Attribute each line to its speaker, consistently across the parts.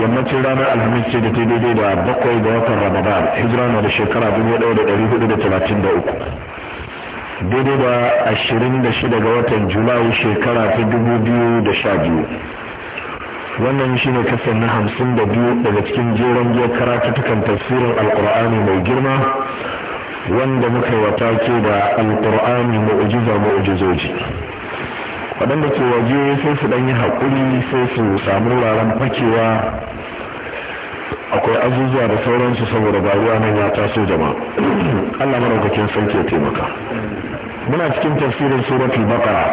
Speaker 1: yammacin ranar alhamis ce da ta daidai da bakwai ga watan ramadan hijira na da shekara dubu ɗaya da ɗari hudu da talatin da uku daidai da ashirin da shida ga watan julai shekara ta dubu biyu da sha biyu wannan shi ne kasan na hamsin da biyu daga cikin jeron biyar karatutukan tafsirin alkur'ani mai girma wanda muka yi watake da alkur'ani mu'ujiza mu'ujizoji waɗanda ke waje sai su yi haƙuri sai su samu wuraren fakewa akwai azuzuwa da sauransu saboda ba ruwa nan ya taso jama'a Allah maraukakin sarki ya taimaka muna cikin tafsirin suratul baqara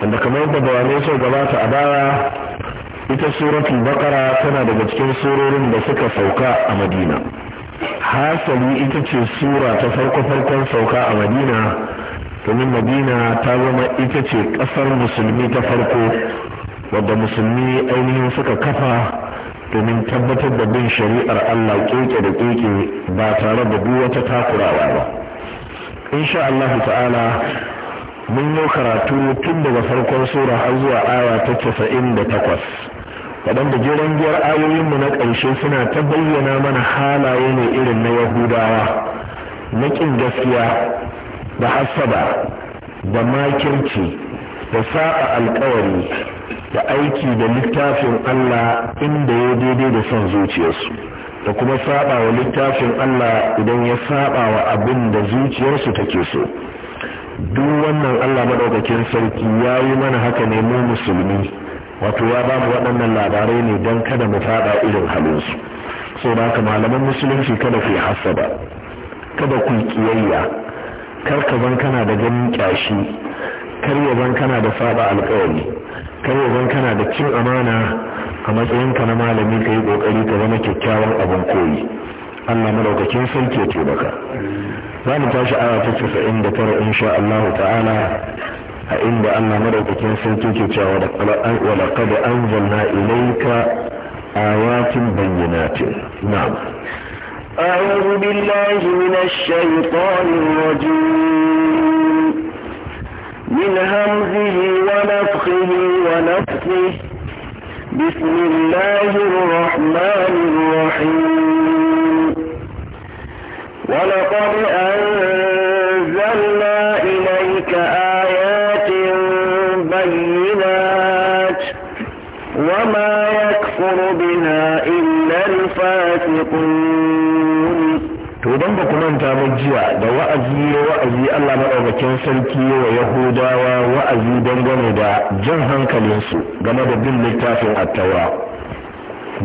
Speaker 1: wanda kamar yadda bayanai sau gabata a baya ita suratul baqara tana daga cikin surorin da suka sauka a madina hasali ita ce sura ta farko farkon sauka a madina domin madina ta zama ita ce ƙasar musulmi ta farko wadda musulmi ainihin suka kafa domin tabbatar da bin shari'ar Allah keke da keke ba tare da duk wata takurawa ba insha Allah ta'ala mun yi karatu tun daga farkon sura har zuwa aya ta casa'in da takwas waɗanda jiran giyar ayoyinmu na ƙarshe suna ta bayyana mana halaye ne irin na yahudawa na ƙin gaskiya da hasada da makirci da saba alkawari da aiki da littafin Allah inda ya daidai da son zuciyarsu da kuma saba wa littafin Allah idan ya saba wa abin da zuciyarsu take so duk wannan Allah madaukakin sarki ya yi mana haka ne mu musulmi wato ya ba mu waɗannan labarai ne don kada mu faɗa irin halinsu da haka malaman musulunci kada ku yi hasada kada ku yi kiyayya kar ka ban kana da ganin kyashi kar ya ban kana da saba alƙawari kar ya ban kana da cin amana a matsayinka na malami ka yi ƙoƙari ka zama kyakkyawan abin koyi Allah madaukakin sarki ya taimaka za mu tashi aya ta casa'in da tara insha Allah ta'ala a inda Allah madaukakin sarki ke cewa da laqad anzalna ilaika ayatin bayyanatin na'am
Speaker 2: أعوذ بالله من الشيطان الرجيم من همزه ونفخه ونفخه بسم الله الرحمن الرحيم ولقد أنزل
Speaker 1: idan ba ku manta ba jiya da wa'azi ya wa'azi Allah maɗaukakin sarki wa Yahudawa wa'azi dangane da jan hankalinsu game da bin littafin attawa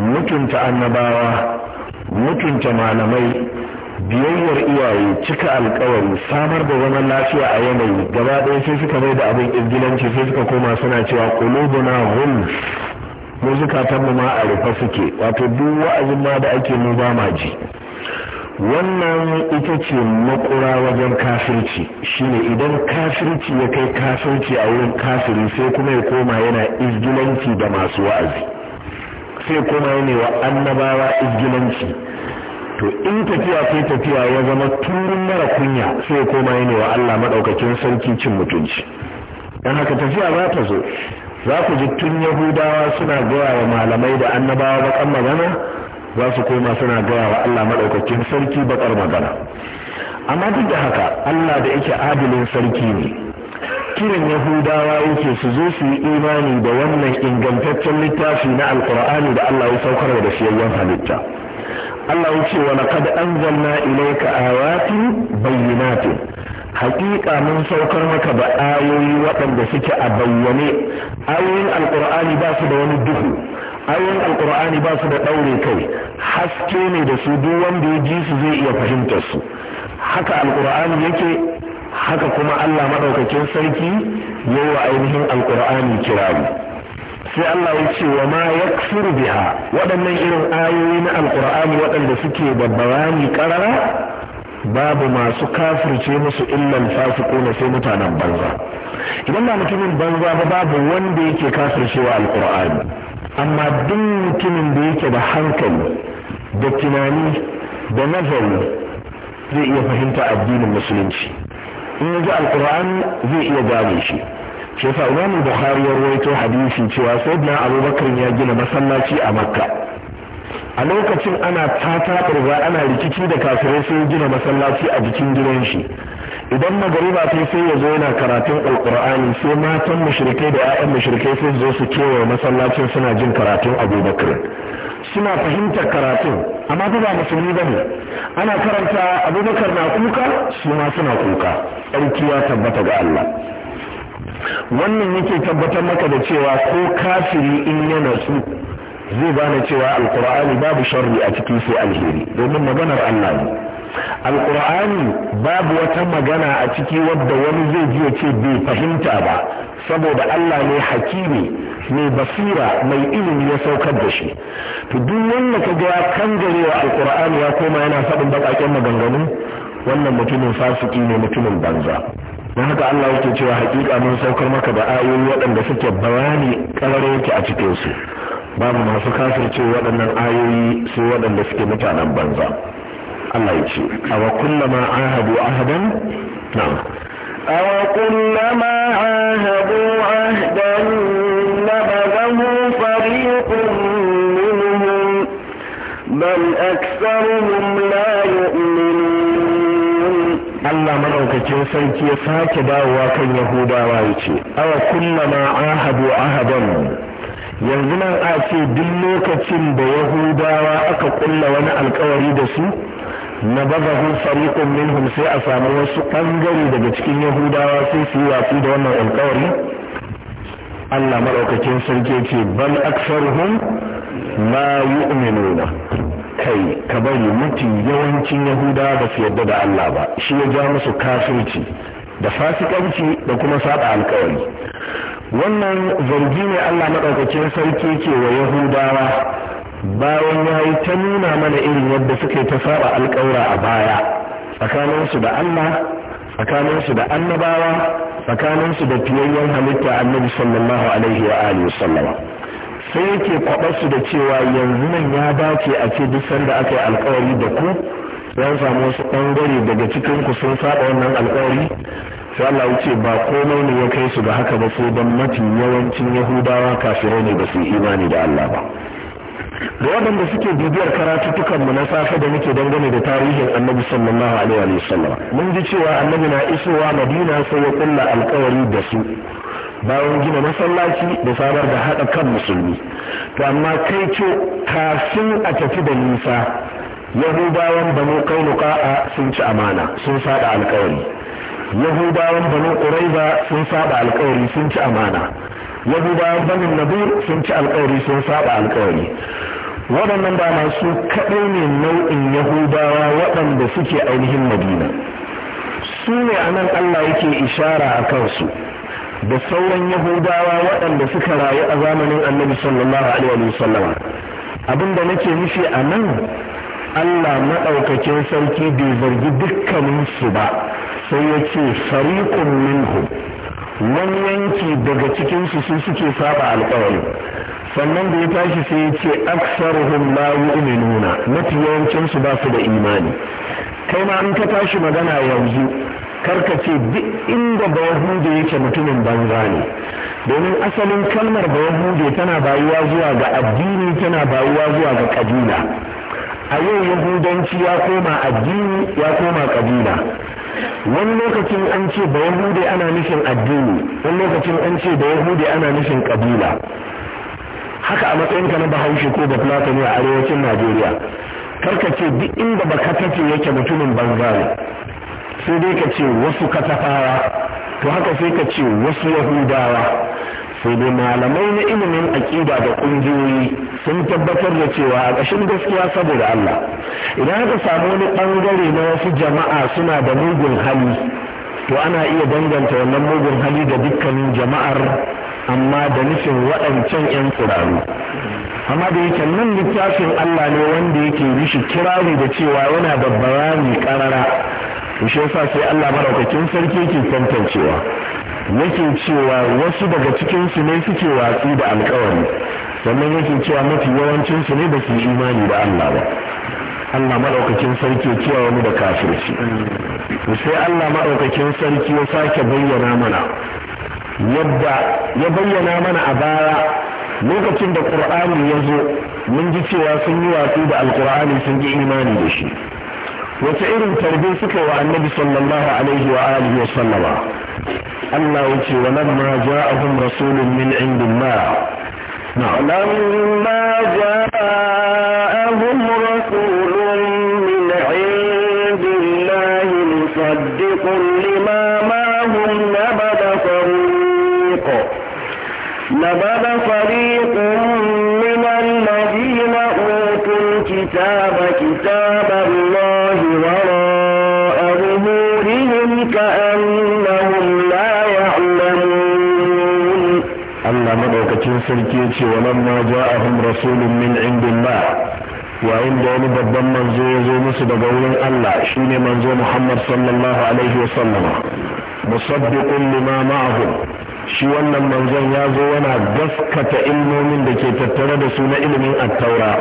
Speaker 1: mutunta annabawa mutunta malamai biyayyar iyaye cika alkawari samar da zaman lafiya a yanayi gaba ɗaya sai suka mai da abin izgilanci sai suka koma suna cewa kulubuna hul mu zukatan mu ma a rufe suke wato duk wa'azin ma da ake mu ba ma ji wannan ita ce makura wajen kafirci shine idan kafirci ya kai kafirci a wurin kafiri sai kuma ya koma yana izgilanci da masu wa'azi sai kuma yana wa annabawa izgilanci to in tafiya sai tafiya ya zama turin mara kunya sai kuma yana wa Allah maɗaukacin sarki cin mutunci dan haka tafiya za ta zo za ku ji tun yahudawa suna gaya wa malamai da annabawa bakan magana za su koma suna gaya wa Allah maɗaukakin sarki baƙar magana amma duk da haka Allah da yake adalin sarki ne kiran yahudawa yake su zo su yi imani da wannan ingantaccen littafi na alkur'ani da Allah ya saukar da siyayyen halitta Allah ya ce wa laqad anzalna ilayka ayatin bayyinatin haƙiƙa mun saukar maka da ayoyi waɗanda suke a bayyane ayoyin alkur'ani ba su da wani duhu ayoyin alkur'ani ba su da ɗaure kai haske ne da su duk wanda ya ji su zai iya fahimta su haka alkur'ani yake haka kuma allah maɗaukakin sarki ya wa ainihin alkur'ani kirari sai allah ya ce wa ma ya biha waɗannan irin ayoyi na alkur'ani waɗanda suke da bayani ƙarara babu masu kafirce musu illal na sai mutanen banza idan ba mutumin banza ba babu wanda yake kafircewa alkur'ani amma duk mutumin da yake da hankali da tunani da nazari zai iya fahimta addinin musulunci in ya ji alkur'ani zai iya gane shi shi yasa imamu bukhari ya rawaito hadisi cewa sayyidina abubakar ya gina masallaci a makka a lokacin ana tata ana rikici da kasuwar sai gina masallaci a jikin gidan shi idan magari ta sai ya zo yana karatun alkur'ani sai matan mashirke da 'ya'yan mashirke sai zo su kewaye masallacin suna jin karatun abubakar suna fahimtar karatun amma ba ba musulmi ba ne ana karanta abubakar na kuka su ma suna kuka Aiki ya tabbata ga allah wannan yake tabbatar maka da cewa ko kafiri in ya su zai gane cewa alkur'ani babu sharri a ciki sai alheri domin maganar allah ne alkur'ani babu wata magana a ciki wadda wani zai ji ya ce bai fahimta ba saboda Allah ne hakimi mai basira mai ilimi ya saukar da shi to duk wanda ka ga ya kangare wa alkur'ani ya koma yana faɗin baƙaƙen maganganu wannan mutumin fasiki ne mutumin banza don haka Allah yake cewa hakika mun saukar maka da ayoyi waɗanda suke bayani ƙarar yake a cikinsu babu masu kafirce waɗannan ayoyi sai waɗanda suke mutanen banza Allah ya ce awa kullama ahadu ahadan na'am awa
Speaker 2: kullama ahadu ahdan nabadahu fariqun minhum bal aktsaruhum
Speaker 1: la yu'minun Allah madaukakin sarki ya sake dawowa kan Yahudawa ya ce awa kullama ahadu ahadan yanzu nan a ce duk lokacin da Yahudawa aka kulla wani alkawari da su na bazahu fariqun minhum sai a samu wasu ɓangare daga cikin yahudawa sai su yi watsi da wannan alkawari Allah maɗaukakin sarki ce bal aksaruhum yi yu'minuna kai ka bari mutu yawancin yahudawa ba su yadda da Allah ba shi ya ja musu kafirci da fasikanci da kuma saba alkawari wannan zargi ne Allah maɗaukakin sarki ke wa yahudawa bayan ya yi ta nuna mana irin yadda suka yi ta saba alƙawura a baya tsakaninsu da Allah tsakaninsu da annabawa tsakaninsu da fiyayyen halitta annabi sallallahu alaihi wa alihi sallama sai yake su da cewa yanzu nan ya dace a ce duk sanda aka yi alƙawari da ku yan samu wasu ɓangare daga cikin ku sun saba wannan alƙawari sai Allah ya ce ba komai ne ya kai su ga haka ba sai dan mafi yawancin yahudawa kafirai ne ba su imani da Allah ba da waɗanda suke bibiyar karatutukan mu na safe da muke dangane da tarihin annabi sallallahu alaihi wa sallam mun ji cewa annabi na isowa madina sai ya kulla alƙawari da su bayan gina masallaci da samar da haɗa kan musulmi to amma kai ce kafin a tafi da nisa yahudawan banu kainuka sun ci amana sun saɗa alƙawari. yahudawan banu ƙuraiba sun saɗa alƙawari, sun ci amana yahudawan banin nabi sun ci alkawari sun saba alkawari waɗannan ba masu kaɗai ne nau'in yahudawa waɗanda suke ainihin madina su ne a nan allah yake ishara a kansu da sauran yahudawa waɗanda suka rayu a zamanin annabi sallallahu alaihi wa sallam abin da nake nufi a nan allah maɗaukakin sarki bai zargi dukkaninsu ba sai ya ce fariƙun minhum wani yanki daga cikin su sun suke saba alƙawari sannan da ya tashi sai ya ce aksaruhum la yu'minuna mafi yawancin su ba su da imani kai ma an ka tashi magana yanzu karka ce duk inda bawahude yake mutumin banza ne domin asalin kalmar bawahude tana bayuwa zuwa ga addini tana bayuwa zuwa ga kabila a yau yahudanci ya koma addini ya koma kabila wani lokacin an ce da yahudi ana nufin addini wani lokacin an ce da yahudi ana nishin kabila haka a matsayinka na bahaushe ko bafulata ne a arewacin najeriya karka ce duk inda ba tafi yake mutumin bangare, sai dai ka ce wasu katafawa to haka sai ka ce wasu yahudawa sai dai malamai na ilimin aƙida da ƙungiyoyi sun tabbatar da cewa a ƙashin gaskiya saboda Allah idan aka samu wani ɓangare na wasu jama'a suna da mugun hali to ana iya danganta wannan mugun hali da dukkanin jama'ar amma da nufin waɗancan 'yan turaru. amma da yake nan littafin Allah ne wanda yake rishi kirari da cewa yana da bayani ƙarara to shi yasa sai Allah maraukakin sarki ke tantancewa yake cewa wasu daga cikin su ne suke watsi da alkawari sannan yake cewa mafi yawancin su ne ba su imani da Allah ba Allah maɗaukakin sarki ya kiyaye wani da kafirci sai Allah maɗaukakin sarki ya sake bayyana mana yadda ya bayyana mana a baya lokacin da Qur'ani ya zo mun ji cewa sun yi watsi da Alkur'ani sun yi imani da shi wata irin tarbi suka wa annabi sallallahu alaihi wa alihi wa sallama Allah ya ce wa lamma ja'ahum rasulun min indillah lamma
Speaker 2: ja'ahum rasulun min indillah musaddiqun lima ma'ahum nabada fariq nabada fariq min alladhina utul kitaba
Speaker 1: sarki ya ce walamma ja'ahum rasulun min ba, yayin da wani babban manzo ya zo musu daga wurin Allah ne manzo Muhammad sallallahu alaihi wasallam musaddiqun lima ma'ahu shi wannan manzon ya zo yana gaskata ilmomin da ke tattare da su na ilimin attaura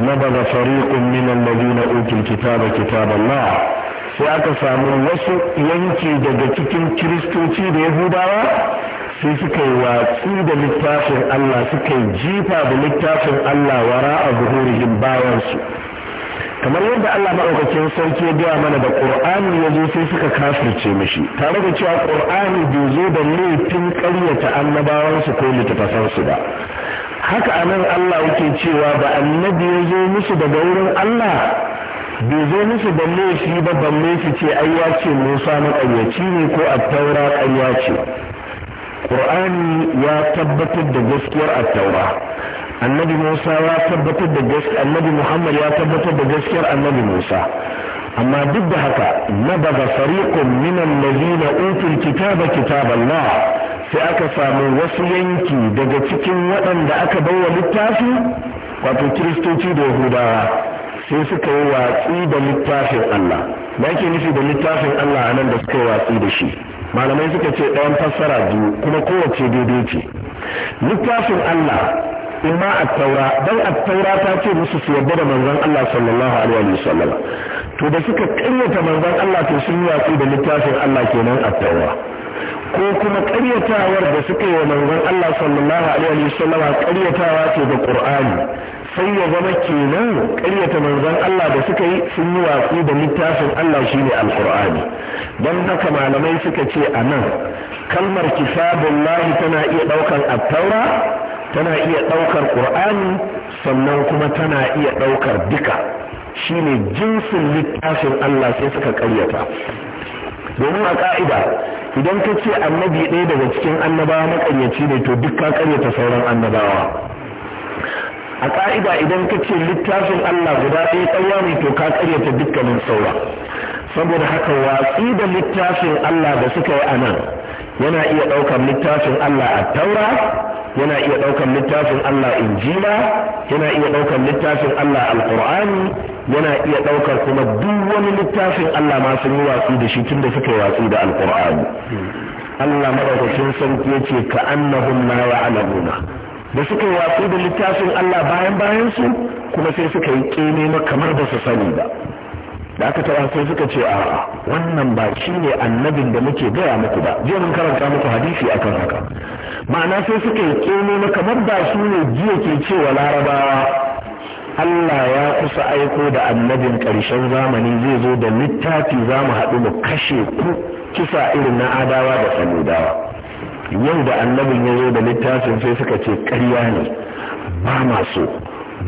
Speaker 1: na fariqun min alladhina utul kitaba kitaballah sai aka samu wasu yanki daga cikin kiristoci da yahudawa sai suka yi watsi da littafin Allah suka yi jifa da littafin Allah wara a zuhurihin bayansu kamar yadda Allah maɗaukakin sarki ya gaya mana da ƙur'ani ya zo sai suka kafirce mishi tare da cewa ƙur'ani bai zo da laifin ƙaryata annabawansu ko littattafansu ba haka anan Allah yake cewa ba annabi ya zo musu daga wurin Allah bai zo musu da laifi ba balle su ce ai ya ce Musa maƙaryaci ne ko attaura ƙarya ce qur'ani ya tabbatar da gaskiyar at-taura annabi musa ya tabbatar da gaskiyar annabi muhammad ya tabbatar da gaskiyar annabi musa amma duk da haka nabaga fariqun min allazina utul kitaba na sai aka samu wasu yanki daga cikin waɗanda aka baiwa littafi wato kiristoci da yahudawa sai suka yi watsi da littafin Allah ba ke nufi da littafin Allah a nan da suka yi watsi da shi malamai suka ce ɗayan fassara biyu kuma kowace daidai ce littafin Allah ma a taura dan a taura ta ce musu su yarda da manzon Allah sallallahu alaihi wa to da suka ƙaryata manzon Allah to sun yi da littafin Allah kenan a taura ko kuma ƙaryatawar da suka yi wa manzon Allah sallallahu alaihi wa ƙaryatawa ce da Qur'ani sai ya zama kenan ƙaryata manzon Allah da suka yi sun yi watsi da littafin Allah shine alqur'ani don haka malamai suka ce a nan kalmar kitabullahi tana iya ɗaukar attaura tana iya ɗaukar ƙur'ani sannan kuma tana iya ɗaukar duka shine jinsin littafin Allah sai suka ƙaryata domin a ƙa'ida idan ka ce annabi ɗaya daga cikin annabawa makaryaci ne to duk ka karyata sauran annabawa a ƙa'ida idan ka ce littafin Allah guda ɗaya ƙarya ne to ka ƙaryata dukkanin saura saboda haka watsi da littafin Allah da suka yi a nan yana iya ɗaukar littafin Allah a taura yana iya ɗaukar littafin Allah injila yana iya ɗaukar littafin Allah alƙur'ani yana iya ɗaukar kuma duk wani littafin Allah ma sun yi watsi da shi tun da suka yi watsi da alƙur'ani Allah madaukakin sarki yace ka annahum la ya'lamuna da suka yi watsi da littafin Allah bayan bayan su kuma sai suka yi kene kamar ba su sani ba da aka tara sai suka ce a wannan ba shi ne annabin da muke gaya muku ba jiya mun karanta muku hadisi akan haka ma'ana sai suka yi kene kamar ba shi ne jiya ke cewa larabawa Allah ya kusa aiko da annabin ƙarshen zamani zai zo da littafi za mu haɗu mu kashe ku kisa irin na adawa da saludawa yau da annabin ya zo da littafin sai suka ce ƙarya ne ba ma so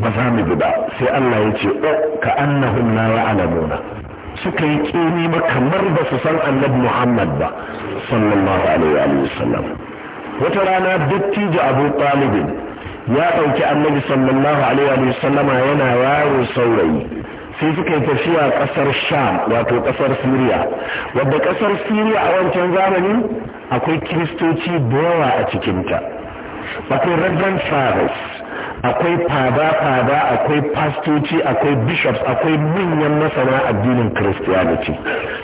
Speaker 1: ba za mu bi ba sai Allah ya ce o oh, ka annahum la ya'lamuna suka yi kini ba kamar ba su san annabi Muhammad ba sallallahu alaihi wa sallam wata rana dattijo Abu Talib ya ɗauki annabi sallallahu alaihi wa sallama yana yaro saurayi sai suka yi tafiya kasar sham wato kasar siriya wadda kasar siriya a wancan zamanin akwai kiristoci da a cikinta akwai reverend fathers akwai fada-fada akwai pastoci akwai bishops akwai manyan masana addinin christianity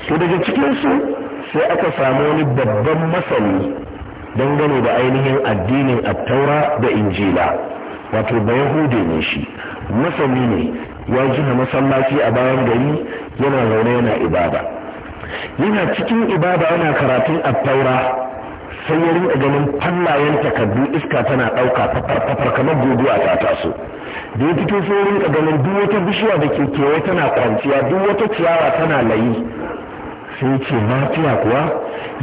Speaker 1: to daga cikinsu sai aka samu wani babban masani dangane da ainihin addinin attaura da injila wato ba yahude ne shi masani ne ya gina masallaci a bayan gari yana zaune yana ibada yana cikin ibada yana karatun attaura sai ya rinka ganin fallayen takardu iska tana ɗauka fafar kamar kamar a ta taso da ya fito sai rinka ganin duk wata bishiya da ke kewaye tana kwanciya duk wata ciyawa tana layi sai ce lafiya kuwa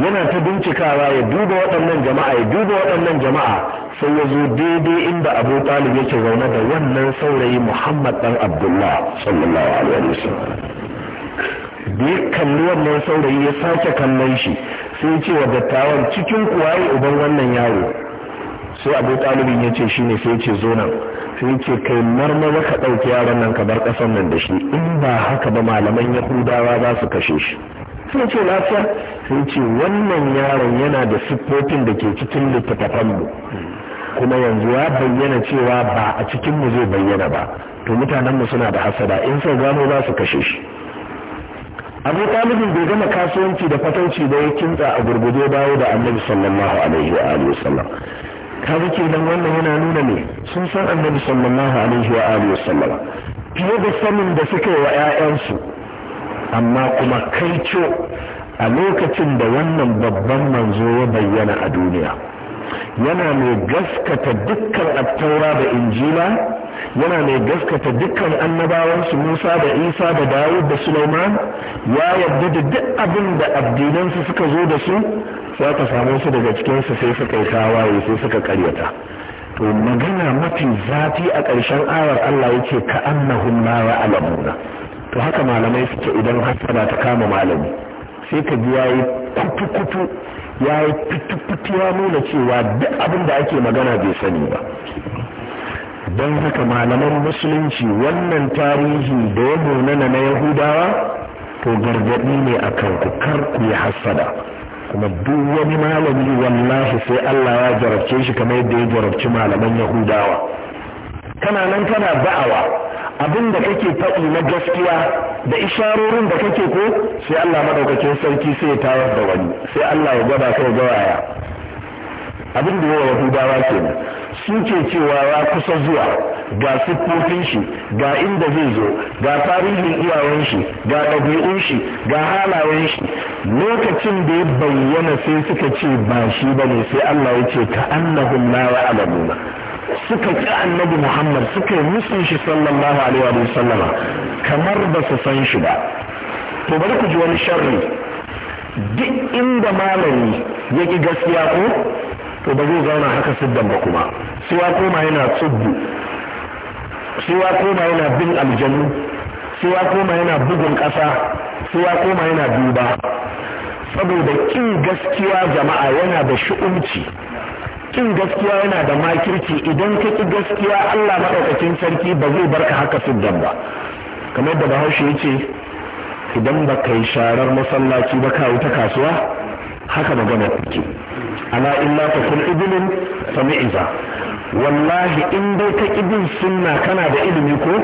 Speaker 1: yana ta bincikawa ya duba waɗannan jama'a ya duba waɗannan jama'a sai ya zo daidai inda abu talib yake zaune da wannan saurayi muhammad dan abdullah sallallahu alaihi wa sallam da ya kalli wannan saurayi ya sake kallon shi sai ce wa dattawan cikin kuwaye uban wannan yaro sai abu talibin ya ce shine sai ce zo nan sai ce kai marmara ka ɗauki yaron nan ka bar ƙasar nan da shi in ba haka ba malaman yahudawa za su kashe shi sun ce lafiya Sun ce wannan yaron yana da siffofin da ke cikin littattafanmu kuma yanzu ya bayyana cewa ba a cikinmu zai bayyana ba to mutanenmu suna da hasada in sun gano za su kashe shi abu talibin bai gama kasuwanci da fatanci da ya kintsa a gurguje dawo da annabi sallallahu alaihi wa alihi wasallam kaga kenan wannan yana nuna ne sun san annabi sallallahu alaihi wa alihi wasallam fiye da sanin da suka yi wa 'ya'yansu amma kuma kai a lokacin da wannan babban manzo ya bayyana a duniya yana mai gaskata dukkan attaura da injila yana mai gaskata dukkan annabawansu Musa da Isa da Dawud da Sulaiman ya yarda da duk abin da addinansu suka zo da su sai ka samu su daga cikinsu sai suka yi kawaye sai suka karyata to magana mafi zafi a ƙarshen ayar Allah yake ka annahum la ya'lamuna to haka malamai suke idan hasada ta kama malami sai ka ji yayi kutu-kutu yayi fitu-fitu ya nuna cewa duk abin da ake magana bai sani ba don haka malaman musulunci wannan tarihi da ya nuna na yahudawa to gargaɗi ne a kan ku kar ku yi hasada kuma duk wani malami wallahi sai Allah ya jarabce shi kamar yadda ya jarabci malaman yahudawa kana nan kana ba'awa abin da kake faɗi na gaskiya da isharorin da kake ko sai Allah madaukakin sarki sai ya tawar da wani sai Allah ya gaba kai gawaya abin da yawa yahudawa kenan sun ke cewa ya kusa zuwa ga siffofin shi ga inda zai zo ga tarihin iyawan shi ga ɗabi'un shi ga halayen shi lokacin da ya bayyana sai suka ce ba shi ba ne sai Allah ya ce ka annahum la suka ci annabi muhammad suka yi musun shi sallallahu alaihi wa sallama kamar ba su san shi ba to bari ku ji wani sharri duk inda malami ya ki gaskiya ko to ba zai zauna haka siddan ba kuma sai ya koma yana tsubbu sai ya koma yana bin aljanu sai ya koma yana bugun ƙasa sai ya koma yana duba saboda kin gaskiya jama'a yana da shu'umci kin gaskiya yana da makirci idan ka ki gaskiya Allah maɗaukacin sarki ba zai barka haka siddan ba kamar da bahaushe ya ce idan ba kai sharar masallaci ba ka ta kasuwa haka magana take ala illa ta kun ibnin sami'iza wallahi in dai ka ibin sunna kana da ilimi ko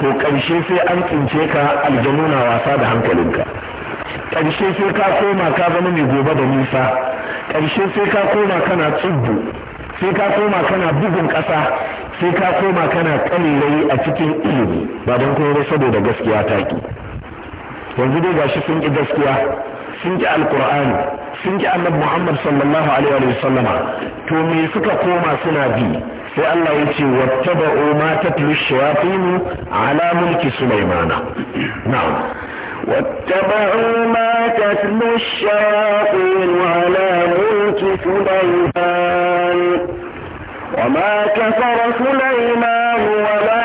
Speaker 1: ko ƙarshe sai an tsince ka aljanuna wasa da hankalinka ƙarshe sai ka koma ka zama mai gobe da nisa ƙarshe sai ka koma kana tsubu sai ka koma kana bugun ƙasa sai ka koma kana ƙalilai a cikin ilimi ba don kuma saboda gaskiya ta taki yanzu dai gashi sun ƙi gaskiya sun ƙi alƙur'ani sun ƙi Annab muhammad sallallahu alaihi wa sallama to me suka koma suna bi sai Allah ya ce ba'o ma ta tatlu shayatin ala mulki sulaimana na'am واتبعوا
Speaker 2: ما تتلو الشياطين على ملك سليمان وما كفر سليمان وما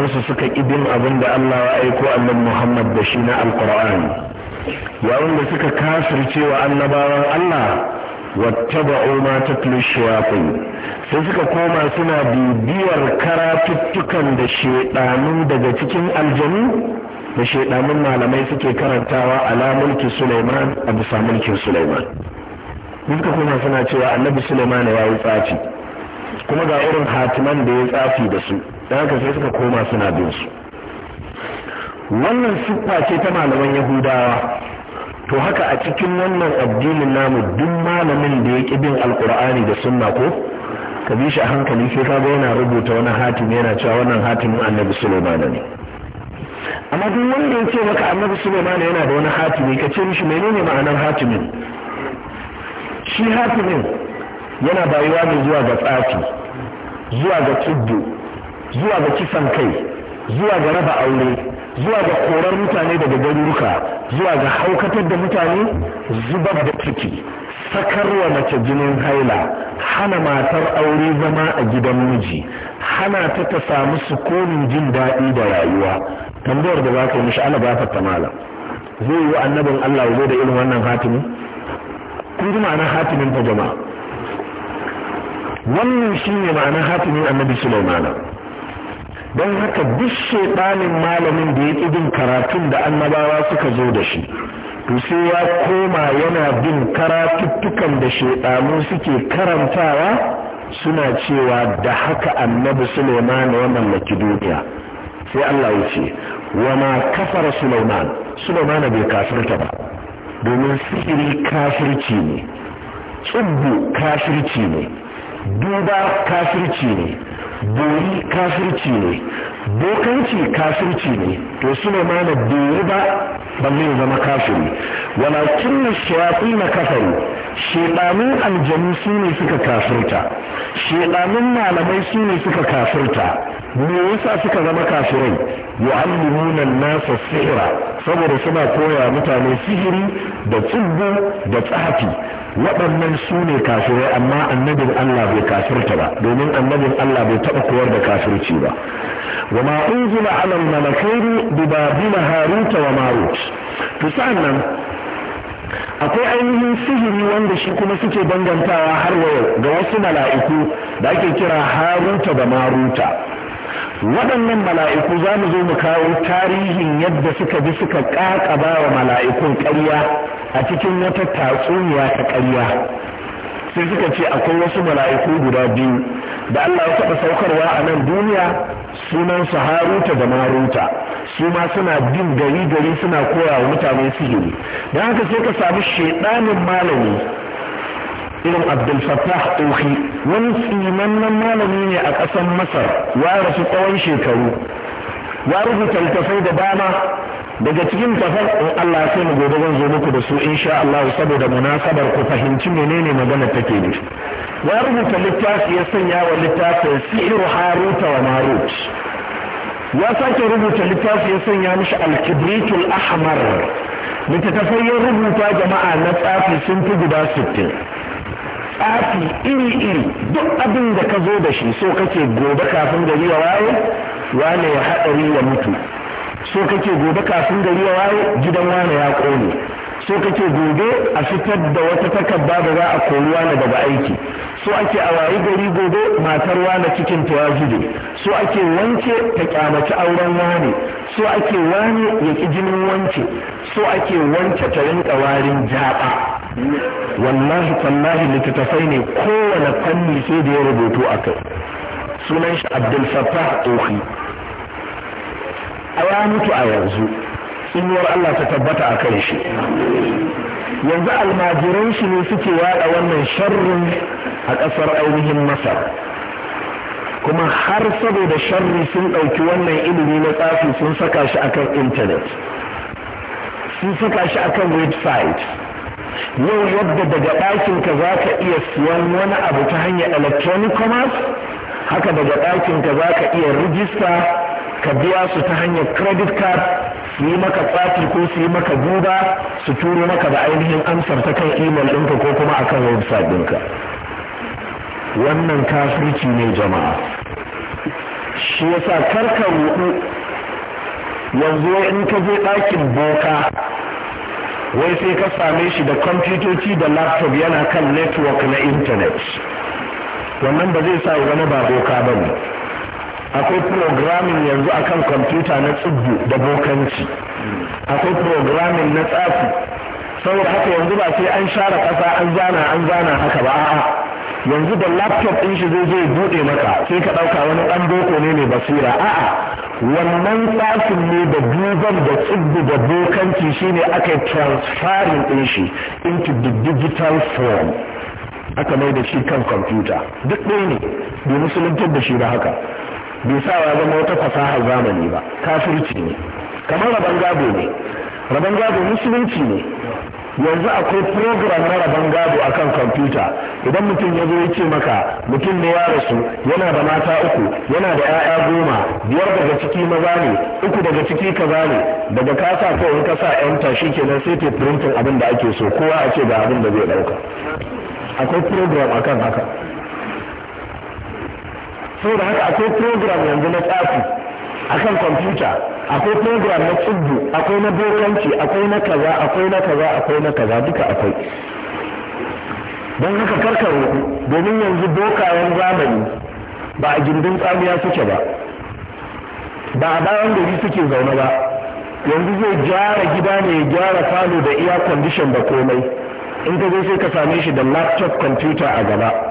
Speaker 1: mutanensu suka ƙi abin da Allah ya aiko annabi Muhammad da shi na Alƙur'ani yayin da suka kafirce cewa annabawan Allah wattaba'u ma tatlu shayatin sai suka koma suna bibiyar karatuttukan da shedanun daga cikin aljanu da shedanun malamai suke karantawa ala mulki Suleiman a bisa mulkin Suleiman, duka kuma suna cewa annabi Suleiman ya yi tsafi kuma ga irin hatiman da ya tsafi da su don haka sai suka koma suna bin su wannan siffa ce ta malaman yahudawa to haka a cikin wannan addinin namu duk malamin da ya ƙi bin alkur'ani da sunna ko ka bi shi a hankali sai ka ga yana rubuta wani hatimi yana cewa wannan hatimin annabi sulaimana ne amma duk wanda ya ce maka annabi sulaimana yana da wani hatimi ka ce mishi menene ma'anar hatimin shi hatimin yana bayuwa ne zuwa ga tsafi zuwa ga tuddu zuwa ga kisan kai zuwa ga raba aure zuwa ga korar mutane daga garuruka zuwa ga haukatar da mutane zubar da ciki sakarwa mace jinin haila hana matar aure zama a gidan miji hana ta ta samu jin daɗi da rayuwa tambayar da za ka yi mishi ana ba ta malam zai yi wa annabin Allah ya zo da irin wannan hatimi kun ji ma'anar hatimin ta jama'a wannan shi ne ma'anar hatimin annabi sulaimana don haka duk shaiɗanin malamin da ya bin karatun da annabawa suka zo da shi to sai ya koma yana bin karatuttukan da shaidanu suke karantawa suna cewa da haka annabi suleiman ya mallaki duniya sai Allah ya ce wa ma kafara suleiman suleiman bai kafirta ba domin sihiri kafirci ne tsubbu kafirci ne duba kafirci ne bori kafirci ne bokanci kafirci ne to su ne mana bori ba balle ya zama kafiri walakin na shayafi na kafaru shedanin aljanu su ne suka kafirta shedanin malamai su ne suka kafirta me yasa suka zama kafirai yu'allimuna an-nasa sihra saboda suna koya mutane sihiri da tsubbu da tsafi waɗannan su ne kafirai amma annabin Allah bai kafirta ba domin annabin Allah bai taɓa koyar da kafirci ba wa ma unzila ala al-malakaini bi babila harut wa marut to akwai ainihin sihiri wanda shi kuma suke dangantawa har wa ga wasu mala'iku da ake kira haruta da maruta waɗannan mala'iku za mu zo mu kawo tarihin yadda suka bi suka ƙaƙaba wa mala'ikun ƙarya a cikin wata tatsuniya ta ƙarya sai suka ce akwai wasu mala'iku guda biyu da Allah ya taɓa saukarwa a nan duniya sunan su haruta da maruta su ma suna bin gari gari suna koya wa mutane sihiri don haka sai ka samu shaidanin malami irin abdul fattah wani tsimannan malami ne a ƙasar masar ya rasu tsawon shekaru ya rubuta littattafai da dama daga cikin tafar in Allah sai mu gobe zan zo muku da su insha Allah saboda munasabar ku fahimci menene magana take ne ya rubuta littafi ya sanya wa littafin siru haruta wa marut ya sake rubuta littafi ya sanya mishi al ahmar littattafai ya rubuta jama'a na tsafi sun fi guda sittin tsafi iri-iri duk abin da ka zo da shi so kake gobe kafin gari ya waye wane ya haɗari ya mutu so kake gobe kafin gari ya waye gidan wane ya ƙone so kake gobe a fitar da wata takarda da za a kori wane daga aiki so ake a wayi gari gobe matar wane cikin ta wajibi so ake wance ta kyamaci auren wane so ake wane ya ki jinin wance so ake wance ta rinka warin jaba wallahi tallahi littattafai ne kowane fanni sai da ya rubutu a kai sunan shi abdul fattah a ya mutu a yanzu tsinuwar allah ta tabbata a kan shi yanzu almajiran shi ne suke yada wannan sharrin a ƙasar ainihin masar kuma har saboda sharri sun ɗauki wannan ilimi na tsafi sun saka shi akan intanet sun saka shi akan website yau yadda daga ɗakinka za ka iya siyan wani abu ta hanyar electronic commerce haka daga ɗakinka za ka iya rijista ka biya su ta hanyar credit card su yi maka tsafi ko su yi maka duba su turo maka da ainihin amsar ta kan email ɗinka ko kuma a kan website ɗinka wannan kafirci ne jama'a shi yasa karka ruɗu yanzu in ka je ɗakin boka wai sai ka same shi da kwamfutoci da laptop yana kan network na intanet wannan ba zai sa zama ba boka ba ne akwai programming yanzu akan kwamfuta na tsibbu da bokanci akwai programming na tsafi saboda haka yanzu ba sai an share ƙasa an zana an zana haka ba a'a yanzu da laptop ɗin shi zai zai buɗe maka sai ka ɗauka wani ɗan boko ne mai basira a'a wannan tsafin ne da duban da tsibbi da bokanci shine aka yi transferring ɗin shi into the digital form aka mai da shi kan kwamfuta duk ɗaya ne bai musuluntar da shi ba haka bai sa ya zama wata fasahar zamani ba kafirci ne kamar rabon gado ne rabon gado musulunci ne yanzu akwai program na rabon gado a kan kwamfuta idan mutum ya zo ya ce maka mutum ne ya rasu yana da mata uku yana da 'ya'ya goma biyar daga ciki maza ne uku daga ciki kaza ne daga kasa ko in kasa yanta shi kenan sai ta printin abin da ake so kowa a ce ga abin da zai ɗauka akwai program akan haka saboda haka akwai program yanzu na tsafi akan kwamfuta akwai program na tsubu akwai na bokanci akwai na kaza akwai na kaza akwai na kaza duka akwai don haka karkaro domin yanzu dokayen zamani ba a gindin tsamiya suke ba ba a bayan gari suke zaune ba yanzu zai gyara gida ne ya gyara falo da iya condition da komai in ka zai sai ka same shi da laptop computer a gaba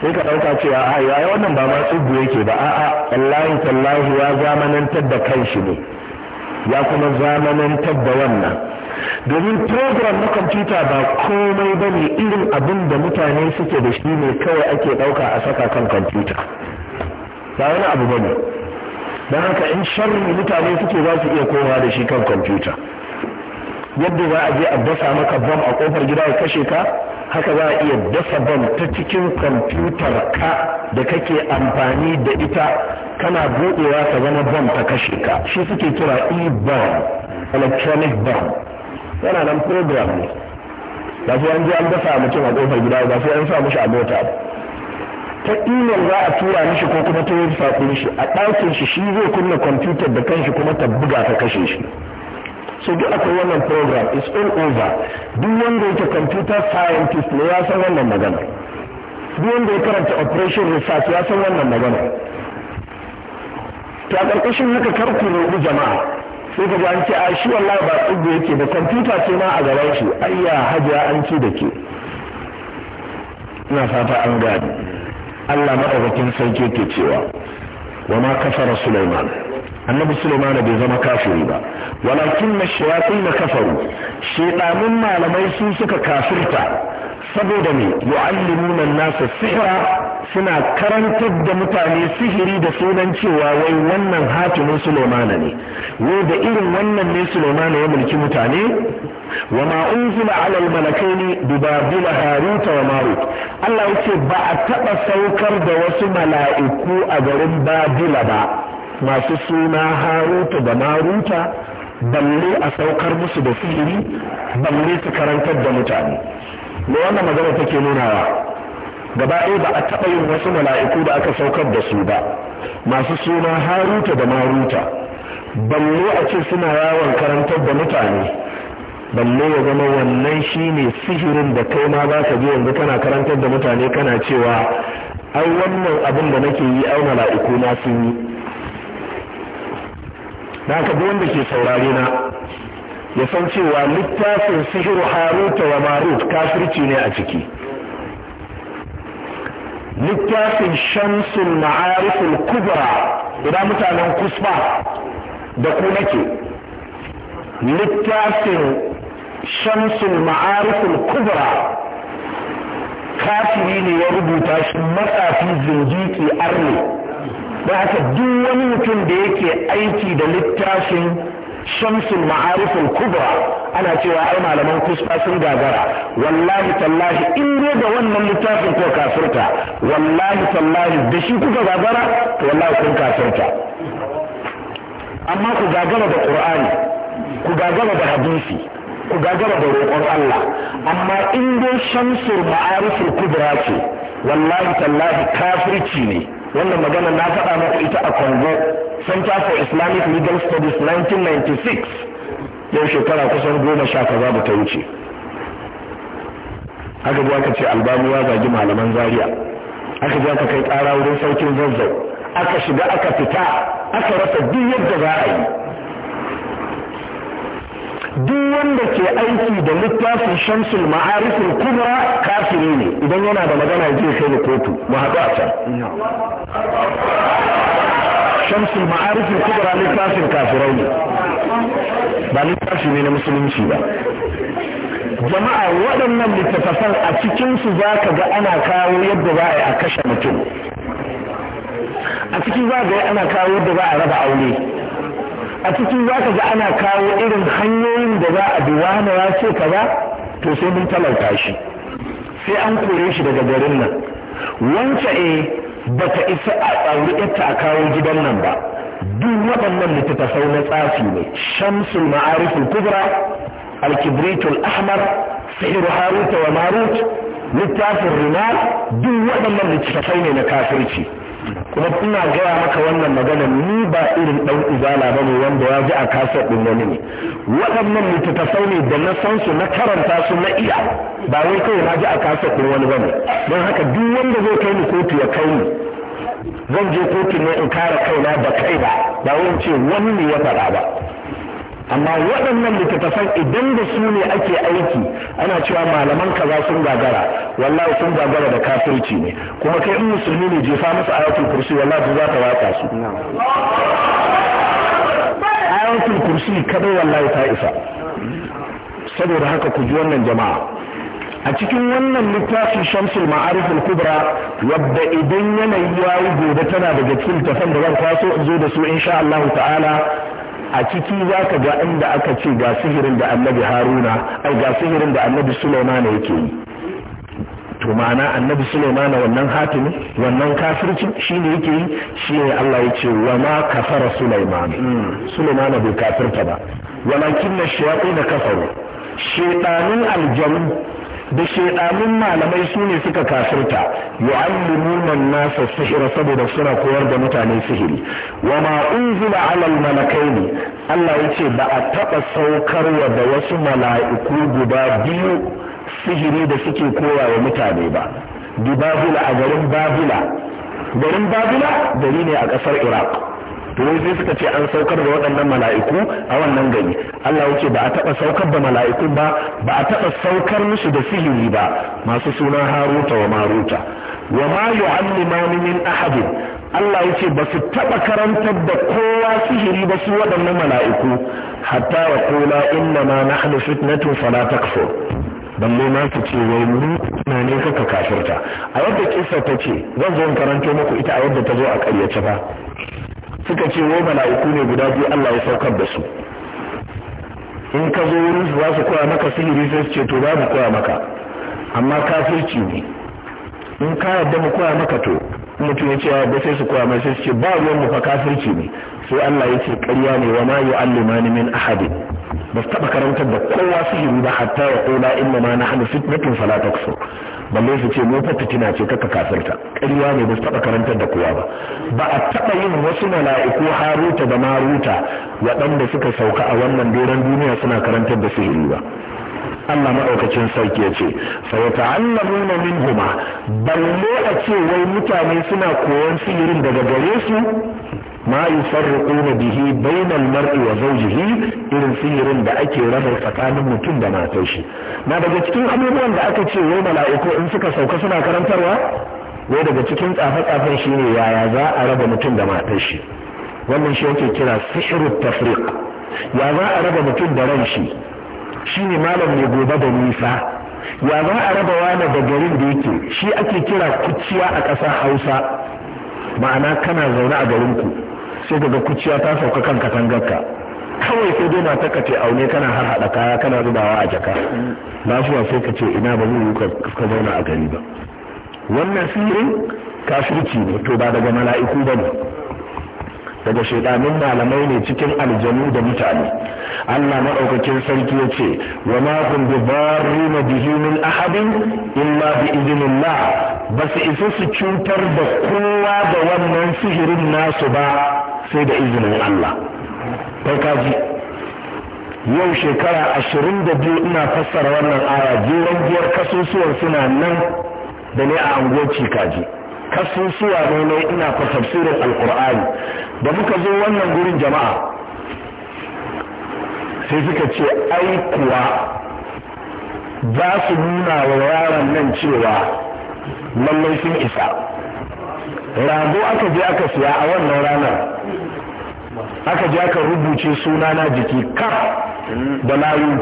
Speaker 1: sai ka ɗauka cewa a ya wannan ba ma tsubu yake ba a'a wallahi tallahi ya zamanantar da kanshi ne ya kuma zamanantar da wannan domin program na kwamfuta ba komai ba ne irin abin da mutane suke da shi ne kawai ake ɗauka a saka kan kwamfuta ba wani abu ba ne don haka in sharri mutane suke za su iya kowa da shi kan kwamfuta yadda za a je a dasa maka bam a kofar gida ya kashe ka haka za a iya dasa bam ta cikin kwamfutar ka da kake amfani da ita kana buɗewa ta zama bam ta kashe ka shi suke kira e-bomb electronic bomb yana nan program ne ba sai an je an dasa mutum a kofar gida ba sai an sa mushi a mota ta imel za a tura mishi ko kuma ta yi website shi a ɗakin shi shi zai kunna kwamfutar da kanshi kuma ta buga ta kashe shi so duk akwai wannan program is all over duk wanda yake computer scientist ne ya san wannan magana duk wanda ya karanta operation research ya san wannan magana ta karkashin haka kar ku roƙi jama'a sai ka an ce a shi wallahi ba tsibbe yake da computer ce ma a gaban shi ayya hajiya an ci da ke ina fata an gani Allah madaukakin sarki ke cewa wa ma kafara Sulaiman annabi Sulaiman bai zama kafiri ba walakin na na kafaru shaidanun malamai su suka kafirta saboda me yu'allimu nan nasa sihra suna karantar da mutane sihiri da sunan cewa wai wannan hatimin Sulaimana ne wai da irin wannan ne Sulaimana ya mulki mutane wa ma unzila ala al-malakaini bi babila harut wa marut Allah yake ba a taba saukar da wasu mala'iku a garin Babila ba masu suna haruta da maruta balle a saukar musu da sihiri balle su karantar da mutane me wannan magana take nunawa gaba ɗaya ba a taɓa yin wasu mala'iku da aka saukar da su ba masu suna haruta da maruta balle a ce suna yawon karantar da mutane balle ya zama wannan ne sihirin da kai ma za ka je yanzu kana karantar da mutane kana cewa ai wannan abin da nake yi ai mala'iku na sun yi da haka duk wanda ke saurare na ya san cewa littafin sihiru haruta wa marut kafirci ne a ciki littafin shamsul ma'arifin kubra idan mutanen kusba
Speaker 3: da ku nake littafin
Speaker 1: shamsul ma'arifin kubra kafiri ne ya rubuta shi matsafi zindiki arne da haka duk wani mutum da yake aiki da littafin shamsul ma'ariful kubra ana cewa ai malaman kusfa sun gagara wallahi tallahi in dai da wannan littafin ko kafirta wallahi tallahi da shi kuka gagara to wallahi kun kafirta
Speaker 3: amma ku gagara da qur'ani
Speaker 1: ku gagara da hadisi ku gagara da roƙon Allah amma in dai shamsul ma'ariful kubra ce wallahi tallahi kafirci ne wannan magana na faɗa maka ita a congo center for islamic legal studies 1996 yau shekara kusan goma sha kaza da ta wuce aka ji aka ce albani ya zagi malaman zaria aka ji aka kai ƙara wurin sarkin zazzau aka shiga aka fita aka rasa duk yadda za a yi duk wanda ke aiki da littafin shamsul ma'arifin kubra kafiri ne idan yana da magana zai kai da kotu mu haɗu a can shamsul ma'arifin kubra littafin kafirai ne ba littafi ne na musulunci ba jama'a waɗannan littattafan a cikinsu za ka ga ana kawo yadda za a yi a kashe mutum
Speaker 3: a cikin za ga ana kawo yadda za a raba aure a cikin za ka
Speaker 1: ga ana kawo irin hanyoyin da za a bi wane ya ce kaza to sai mun talauta shi sai an kore shi daga garin nan wance e eh, bata isa a tsauri ta a kawo gidan nan ba duk waɗannan littattafai na tsafi ne shamsul ma'ariful kubra alkibritul ahmar sihiru haruta wa marut littafin Rimal, duk waɗannan littattafai ne na kafirci kuma ina gaya maka wannan magana ni ba irin ɗan izala ba ne wanda ya ji a kasar ɗin wani ne waɗannan littattafai ne da na san su na karanta su na iya ba wai kawai na ji a kasar ɗin wani ba ne don haka duk wanda zai kai ni kotu ya kai ni zan je kotu ne in kara kaina da kai ba ba wai ce wani ne ya faɗa ba amma waɗannan littattafan idan da su ne ake aiki ana cewa malaman kaza sun gagara wallahi sun gagara da kafirci ne kuma kai in musulmi ne jefa musu ayatul kursi wallahi za ta watsa su ayatul kursi kadai wallahi ta isa saboda haka ku ji wannan jama'a a cikin wannan littafin shamsul ma'arifin kubra wadda idan yanayi ya gobe tana daga cikin littafan da zan kwaso in zo da su insha Allah ta'ala a ciki za ka ga inda aka ce ga sihirin da annabi haruna ai ga sihirin da annabi sulaimana yake yi to ma'ana annabi sulaimana wannan hatimi wannan shi ne yake yi shi ne Allah ya ce wa ma kafara sulaiman hmm, sulaimana bai kafirta ba walakin na shayatin kafaru shaytanin aljanu da shedanun malamai su ne suka kafirta yu'allimuna an-nasa sihira saboda suna koyar da mutane sihiri wa ma unzila 'ala al-malakaini Allah yace ba a taba wa da wasu mala'iku guda biyu sihiri da suke koya wa mutane ba bi a garin babila garin babila gari ne a ƙasar iraq to sai suka ce an saukar da waɗannan mala'iku a wannan gari Allah yake ba a taɓa saukar da mala'iku ba ba a taɓa saukar musu da sihiri ba masu suna haruta wa maruta wa ma yu'allimani min ahadin Allah yake ba su taɓa karantar da kowa sihiri ba su waɗannan mala'iku hatta wa kula inna ma nahnu fitnatun fala takfur balle ma su ce wai mu na ne kaka kafirta a yadda kisa ta ce zan zo karanto muku ita a yadda ta zo a ƙaryace ba suka ce wai mala'iku ne guda biyu Allah ya saukar da su in ka zo wurin su za su koya maka sihiri sai su ce to za mu koya maka amma kafirci ne in ka yarda mu koya maka to mutum ya ce ba sai su koya mai sai su ce ba ruwan mu fa kafirci ne sai Allah ya ce ƙarya ne wa ma yu'allimani min ahadin ba su taɓa karantar da kowa sihiri ba hatta ya ƙona inna ma na nahnu fitnatun fala takfur balle su ce mu fa fitina ce kaka kafirta ƙarya ne ba su taɓa karantar da kowa ba ba a taɓa yin wasu mala'iku haruta da maruta waɗanda suka sauka a wannan doron duniya suna karantar da sihiri ba Allah maɗaukacin sarki ya ce fa ya min huma balle a ce wai mutane suna koyon sihirin daga gare su ma yufarriquna bihi bainal mar'i wa zawjihi irin sihirin da ake rabar tsakanin mutum da matar shi na daga cikin abubuwan da aka ce wai mala'iku in suka sauka suna karantarwa wai daga cikin tsafe-tsafen shi ne yaya za a raba mutum da matar shi wannan shi yake kira sihirin tafriq ya za a raba mutum da ran shi shine malam ne gobe da nisa ya za a raba wani da garin da yake shi ake kira kuciya a ƙasar hausa ma'ana kana zaune a garinku sai ka ga kuciya ta sauka kan katangarka kawai sai dai mata ka ce aune kana har haɗa kaya kana zubawa a jaka lafiya sai ka ce ina ba zai yi ka zauna a gari ba wannan sihirin kafirci ne to ba daga mala'iku ba ne daga shaidanin malamai ne cikin aljanu da mutane Allah maɗaukakin sarki ya ce wa ma kun bi na bihi min ahadin illa bi idinillah ba su isa su cutar da kowa da wannan sihirin nasu ba sai da izinin Allah kai kaji yau shekara ashirin da biyu ina fassara wannan aya jiran biyar kasusuwar suna nan da ne a angoci kaji kasusuwa ne ne ina fa tafsirin alkur'ani da muka zo wannan gurin jama'a sai suka ce ai kuwa za su nuna wa yaran nan cewa lallai sun isa rago aka je aka siya a wannan ranar
Speaker 3: aka je aka rubuce suna na jiki kaf da layu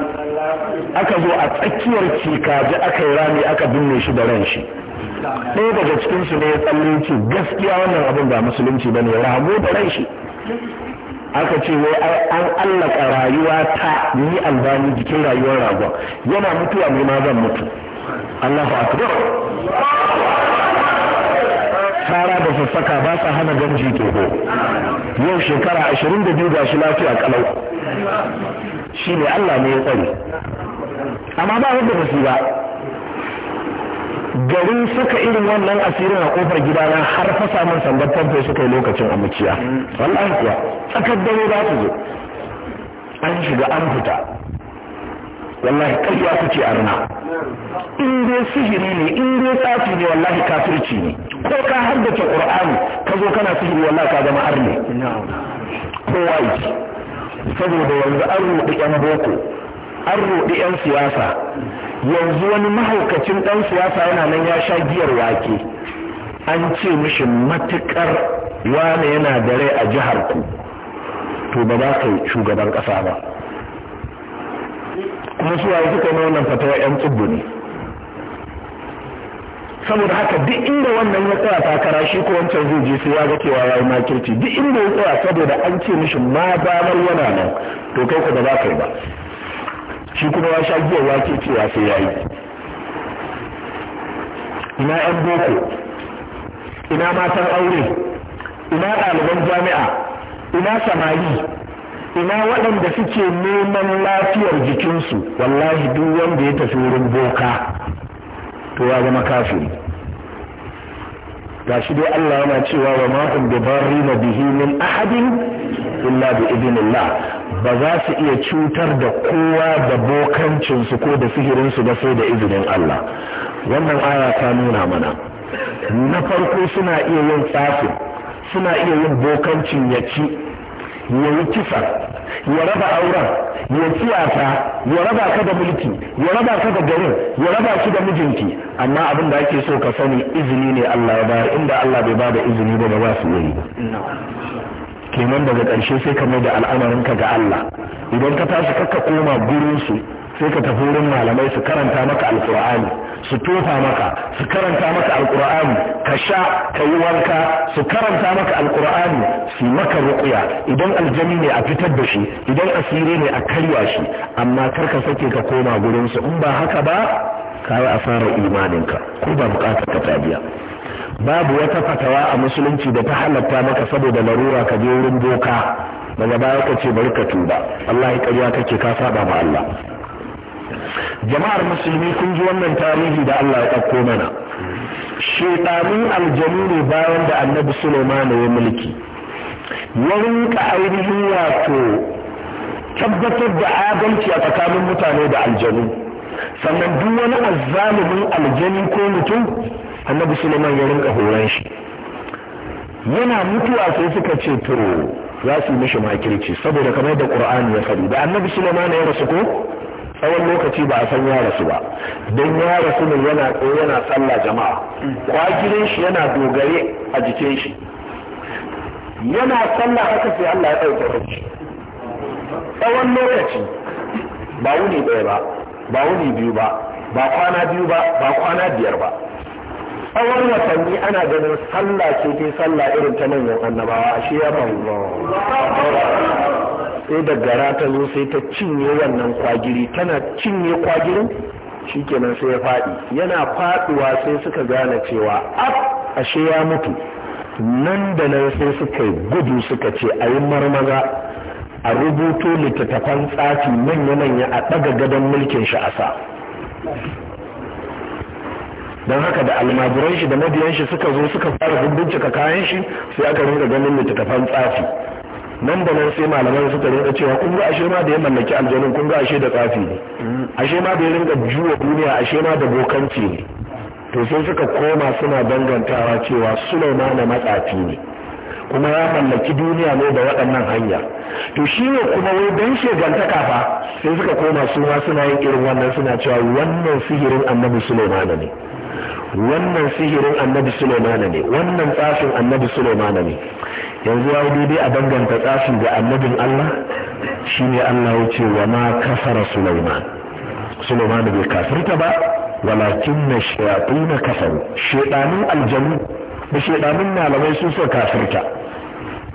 Speaker 3: aka zo a tsakiyar cikaji aka yi
Speaker 1: rami aka binne shi da ran shi ɗaya daga cikinsu ne ya tsalle ce gaskiya wannan abin ba musulunci ba ne rago da ran shi aka ce wai an allaka rayuwa ta ni albani jikin rayuwar rago yana mutuwa ne ma zan mutu Allahu akbar fara da sassaka ba sa hana ganji toho yau shekara ashirin da biyu gashi lafiya kalau shi ne Allah ne ya tsari amma ba wadda ba su ba garin suka irin wannan asirin a kofar gidana har fa samun sandar famfo suka yi lokacin amuciya wallahi kuwa tsakar dare za su zo an shiga an fita wallahi ƙarya kuke arna in dai sihiri ne in dai tsafi ne wallahi kafirci ne ko ka haddace qur'ani ka zo kana sihiri wallahi ka zama arne kowa saboda yanzu an ruɗi yan boko an ruɗi yan siyasa yanzu wani mahaukacin ɗan siyasa yana nan ya sha giyar wake an ce mishi matuƙar wane yana dare a jihar ku to ba za ka yi shugaban ƙasa ba kuma su waye suka yi wannan fatawa yan tsibbu ne saboda haka duk inda wannan ya tsaya takara shi ko wancan zai je sai ya ga cewa yayi makirci duk inda ya tsaya saboda an ce mishi ma damar yana nan to kai ku ba za ka ba shi kuma ya sha giyar ce cewa sai yayi ina yan boko ina matan aure ina ɗaliban jami'a ina samari ina waɗanda suke neman lafiyar jikinsu wallahi duk wanda ya tafi wurin boka to ya zama kafiri gashi dai Allah yana cewa wa ma'un da bari na bihi min ahadin illa bi idinillah ba za su iya cutar da kowa da bokancinsu ko da su ba sai da izinin Allah wannan aya ta nuna mana na farko suna iya yin tsafin suna iya yin bokancin ya ci kisa ya raba auren ya ciyasa ya raba ka da mulki ya raba ka da garin ya raba ki da mijinki amma abin da ake so ka sani izini ne Allah ya bayar inda Allah bai bada izini ba ba za su yi ba kenan daga ƙarshe sai ka mai da al'amarinka ga Allah idan ka tashi kaka koma gurin su sai ka tafi wurin malamai su karanta maka alkur'ani su tofa maka su karanta maka alkur'ani ka sha ka yi wanka su karanta maka alkur'ani su maka ruqya idan aljami ne a fitar da shi idan asiri ne a karya shi amma kar ka sake ka koma gurin su in ba haka ba ka yi asarar imaninka ko ba bukatar ka ta biya babu wata fatawa a musulunci da ta halatta maka saboda larura ka je wurin boka daga baya ka ce bari ka tuba Allah ya karya kake ka saba ma Allah jama'ar musulmi kun ji wannan tarihi da Allah ya ɗauko mana shekaru aljanu ne bayan da annabi Suleiman ya mulki ya rinka ainihin wato tabbatar da adalci a tsakanin mutane da aljanu sannan duk wani azzalumin aljani ko mutum annabi Suleiman ya rinka horon shi yana mutuwa sai suka ce to za su yi mishi makirci saboda kamar da ƙur'ani ya faɗi da annabi Suleiman ya rasu ko tsawon lokaci ba a san ya rasu ba don ya rasu ne yana tsaye yana sallah jama'a kwagirin shi yana dogare a jikin shi yana tsalla haka sai Allah ya ɗauke hajji tsawon lokaci ba wuni ɗaya ba ba wuni biyu ba ba kwana biyu ba ba kwana biyar ba tsawon watanni ana ganin sallah ce ke sallah irin ta manyan annabawa shi ya sai da gara ta zo sai ta cinye wannan kwagiri tana cinye kwagirin shikenan sai ya faɗi yana faɗuwa sai suka gane cewa af ashe ya mutu nan da nan sai suka gudu suka ce a yi marmaza a rubuto littattafan tsafi manya-manya a ɗaga gadon mulkin sha'asa. don haka da almajiran shi da mabiyan shi suka zo suka fara bincika kayan shi sai aka rinka ganin littattafan tsafi nan da nan sai malaman suka rinka cewa kun ga ashe ma da ya mallaki aljanun kun ga ashe da tsafi ne ashe ma da ya rinka juwa duniya ashe ma da bokanci ne to sai suka koma suna dangantawa cewa Sulaiman na matsafi ne kuma ya mallaki duniya ne da waɗannan hanya to shi ne kuma wai dan shegantaka fa sai suka koma suna suna yin irin wannan suna cewa wannan sihirin annabi Sulaiman ne wannan sihirin annabi Sulaimana ne wannan tsafin annabi Sulaimana ne yanzu ya daidai a danganta tsafin ga annabin Allah shi ne Allah wuce ce wa ma kafara Sulaiman Sulaiman bai kafirta ba walakin na shayatin kafaru shedanin aljanu da shedanin malamai sun so kafirta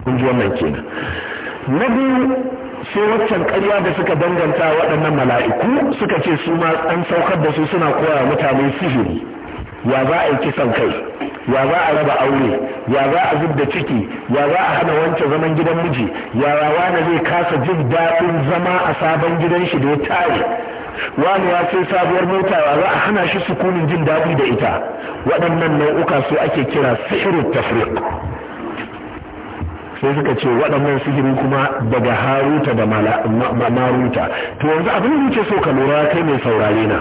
Speaker 1: kun ji wannan kenan na biyu sai waccan karya da suka danganta waɗannan mala'iku suka ce su ma an saukar da su suna koya mutane sihiri ya za a yi kisan kai ya za a raba aure ya za a da ciki ya za a hana wancan zaman gidan miji ya na zai kasa jin daɗin zama a sabon gidan shi da ya tare wani ya sai sabuwar mota ya za a hana shi sukunin jin daɗi da ita waɗannan nau'uka su ake kira sihirin tafriq sai suka ce waɗannan sihiri kuma daga haruta da maruta to yanzu abin da so ka lura kai mai saurare na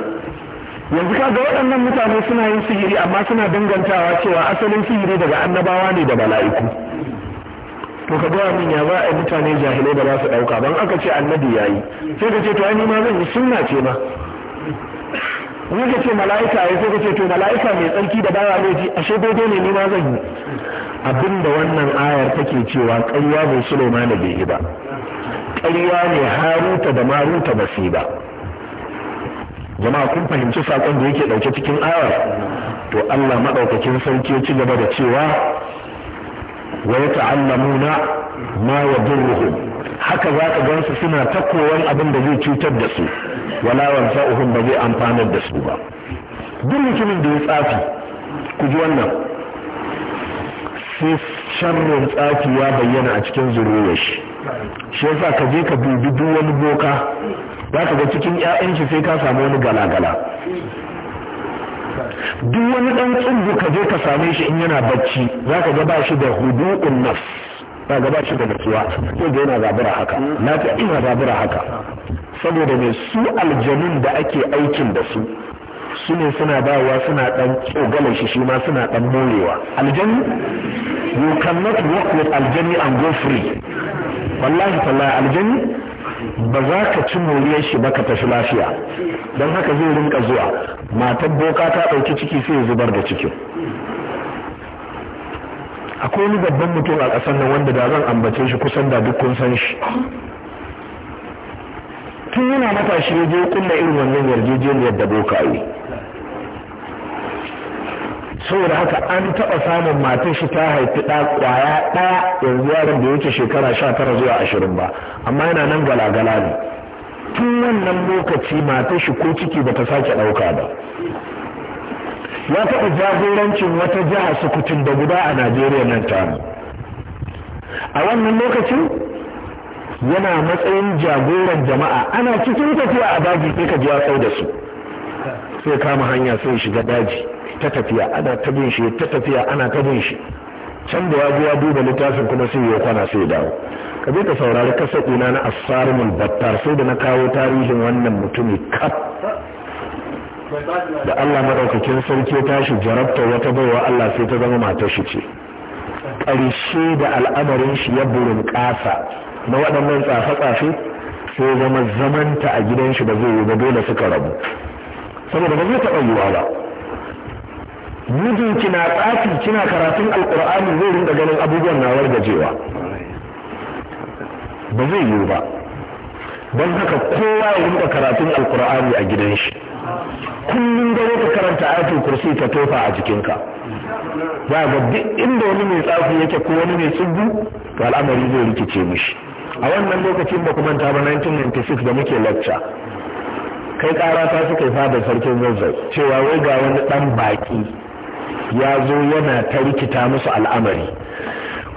Speaker 1: yanzu kaga waɗannan mutane suna yin sihiri amma suna dangantawa cewa asalin sihiri daga annabawa ne da mala'iku to ka gaya min ya ba a mutane jahilai da ba su ɗauka ban aka ce annabi ya yi sai ka ce to ni ma zan yi sunna ce ma Ni ka ce mala'ika ai sai ka ce to mala'ika mai tsarki da baya ji ashe daidai ne ni ma zan yi abinda wannan ayar take cewa ƙarya bai Sulaimana bai yi ba ƙarya ne Haruta da Maruta ba ba jama'a kun fahimci sakon da yake dauke cikin ayar to Allah madaukakin sarki ya ci gaba da cewa wa na ma yadurruhum haka za ka gansu suna ta koyon abin da zai cutar da su wala wanfa'uhum ba zai amfanar da su ba duk mutumin da ya tsafi ku ji wannan sai sharrin tsafi ya bayyana a cikin zuriyar shi shi yasa ka je ka dubi duk wani boka za ka ga cikin ƴaƴan shi sai ka samu wani galagala duk wani ɗan tsundu ka je ka same shi in yana bacci za ka ga ba shi da hudu'un nafs za ga ba shi da nutsuwa ko ga yana zabura haka lafiya ina zabura haka saboda mai su aljanun da ake aikin da su su ne suna dawowa suna dan tsogalar shi shi ma suna dan morewa aljani you cannot work with aljani and go free wallahi tallahi aljani ba za ka ci moriyar shi ba ka tafi lafiya don haka zai rinka zuwa matar boka ta ɗauki ciki sai zubar da cikin akwai wani babban mutum a ƙasar nan wanda da zan ambace shi kusan da duk kun san shi tun yana matashi ya je kulla irin wannan yarjejeniyar da boka yi saboda haka an taɓa samun matar shi ta haifi ɗa ƙwaya ɗaya yanzu yaron da wuce shekara sha tara zuwa ashirin ba amma yana nan galagala ne tun wannan lokaci matar shi ko ciki bata sake ɗauka ba ya taɓa jagorancin wata jiha sukutun da guda a najeriya nan mu a wannan lokacin yana matsayin jagoran jama'a ana cikin tafiya a daji sai ka ji sau da su sai kama hanya sai shiga daji ta tafiya ana ta bin shi ta tafiya ana ta bin shi can da ya ji ya duba littafin kuma sai ya kwana sai ya dawo ka je ka saurari kasa ina na asarumul battar sai da na kawo tarihin wannan mutumi kaf da Allah madaukakin sarki ya tashi jarabta wata baiwa Allah sai ta zama matar shi ce ƙarshe da al'amarin shi ya burin ƙasa na waɗannan tsafe-tsafe sai zama zamanta a gidan shi ba zai yi ba dole suka rabu saboda ba zai taɓa yiwa ba mijin na tsafi kina karatun alkur'ani zai rinka ganin abubuwan na wargajewa ba zai yiwu ba don haka kowa ya rinka karatun alkur'ani a gidan shi kullum gare ka karanta ayatul kursi ta tofa a jikinka za ga duk inda wani mai tsafi yake ko wani mai tsubu to al'amari zai rikice mishi a wannan lokacin ba kuma ta ba 1996 da muke lacca kai kara ta suka yi fadar sarkin zazzau cewa wai ga wani dan baki ya zo yana ta rikita musu al'amari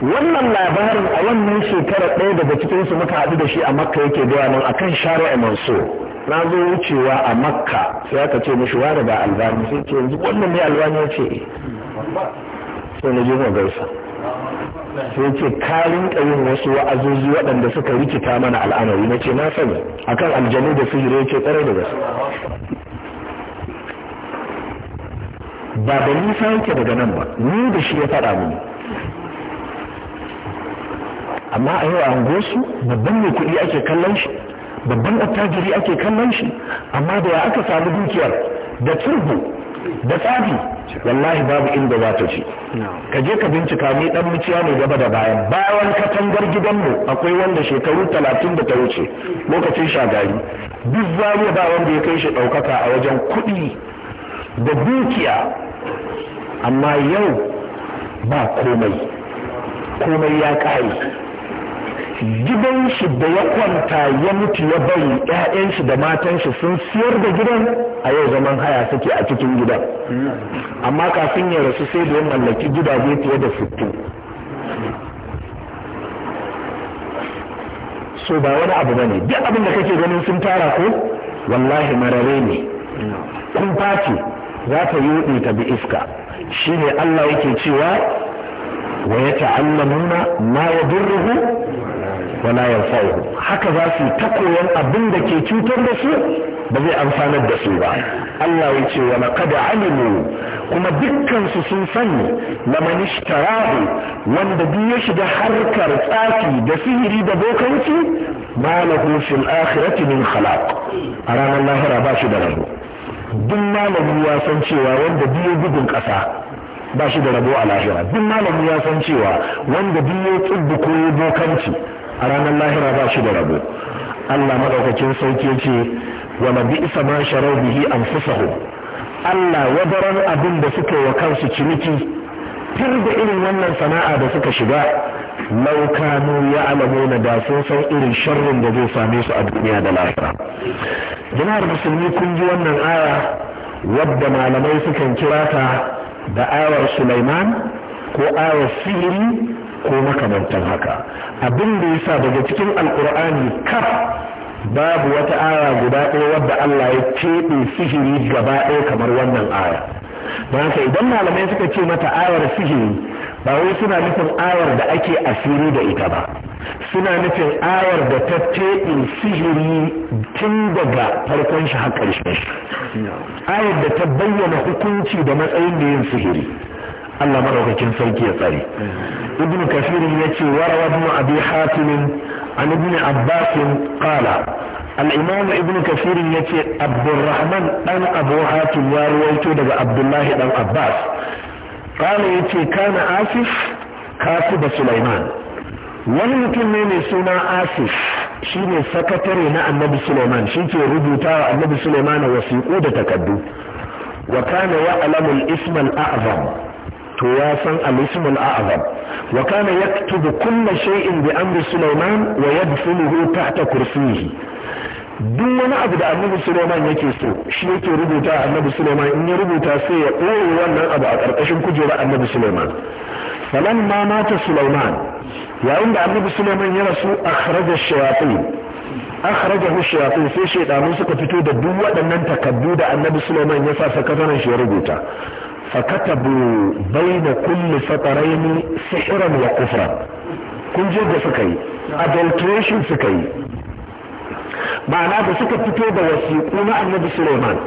Speaker 1: wannan labarin a wannan shekara ɗaya daga cikinsu muka haɗu da shi a makka yake gaya a akan shari'a mansur na zo wucewa a makka sai aka ce mashi wani da albani sai ce yanzu wannan ne albani ya ce eh. sai na jima mu gaisa sai ce ka ƙayin yin wasu wa'azuzi waɗanda suka rikita mana al'amari na ce na sani akan aljanu da sihiri ya ce tsare da gaske ba da nisa yake daga nan ba ni da shi ya faɗa mini amma a yau a unguwarsu babban mai kuɗi ake kallon shi babban attajiri ake kallon shi amma da ya aka sami dukiyar da turbo da tsafi wallahi babu inda za ta ci ka je ka bincika ni dan muciya mai gaba da bayan. bayan katangar gidanmu akwai wanda shekaru talatin da ta wuce lokacin shagari duk zariya ba wanda ya kai shi ɗaukaka a wajen kuɗi da dukiya amma yau ba komai komai ya ƙare gidan shi da ya kwanta ya mutu ya bari 'ya'yan shi da matan shi sun siyar da gidan a yau zaman haya suke a cikin gidan amma kafin ya rasu sai da ya mallaki gidaje fiye da sittin so ba wani abu bane duk abin da kake ganin sun tara ko wallahi marare ne kun face za ta yi ta bi iska shi ne Allah yake cewa wa ya ta'allamuna ma yadurruhu wa la yanfa'uhu haka za su ta koyan abin da ke cutar da su ba zai amfanar da su ba Allah ya ce wa laqad alimu kuma dukkan su sun sani laman ishtarahu wanda duk ya shiga harkar tsafi da sihiri da bokanci ma lahu fil akhirati min khalaq a ranar lahira ba shi da rabo duk malami ya san cewa wanda biyo gudun ƙasa ba shi da rabo a lahira duk malami ya san cewa wanda biyo tsibbi ko ya bokanci a ranar lahira ba shi da rabo Allah madaukakin sauke ce wa ma bi isa ma sharau bihi anfusahu Allah wadaran abin da suka yi wa kansu ciniki tun irin wannan sana'a da suka shiga laukanu ya alamuna da sun san irin sharrin da zai same su a duniya da lahira jama'ar musulmi kun ji wannan aya wadda malamai sukan kira ta da ayar sulaiman ko ayar sihiri ko makamantan haka abin da yasa daga cikin alkur'ani kaf babu wata aya guda ɗaya wadda allah ya keɓe sihiri gaba ɗaya kamar wannan aya don haka idan malamai suka ce mata ayar sihiri ba wai suna nufin ayar da ake asiri da ita ba suna nufin ayar da ta teɗin sihiri tun daga farkon shi har ƙarshen shi ayar da ta bayyana hukunci da matsayin da yin sihiri Allah maraukakin sarki ya tsari. ibnu kafirin ya ce warawa ibnu abi hatimin an ibnu abbasin qala al'imam ibn kafirin ya ce abdulrahman ɗan abu hatim ya ruwaito daga abdullahi ɗan abbas ƙala ya ce kana asif kasu da sulaiman wani mutum ne mai suna asif shine sakatare na annabi suleiman shi rubuta wa annabi suleiman wasiku da takardu wa kana ya alamul ismal a'zam to ya san al-ismul a'zam wa kana yaktubu kulla shay'in bi amri suleiman wa yadfuluhu tahta kursiyihi duk wani abu da annabi suleiman yake so shi yake rubuta annabi suleiman in ya rubuta sai ya ɓoye wannan abu a ƙarƙashin kujerar annabi suleiman falan ma mata suleiman yayin da annabi suleiman ya rasu akhraja shayatin akhrajahu shayatin sai shaydanu suka fito da duk waɗannan takaddu da annabi suleiman ya sa sakatanan shi ya rubuta fakatabu baina kulli fataraini sihran wa kufra kun je da suka yi adulteration suka yi ma'ana da suka fito da wasiƙu na annabi suleiman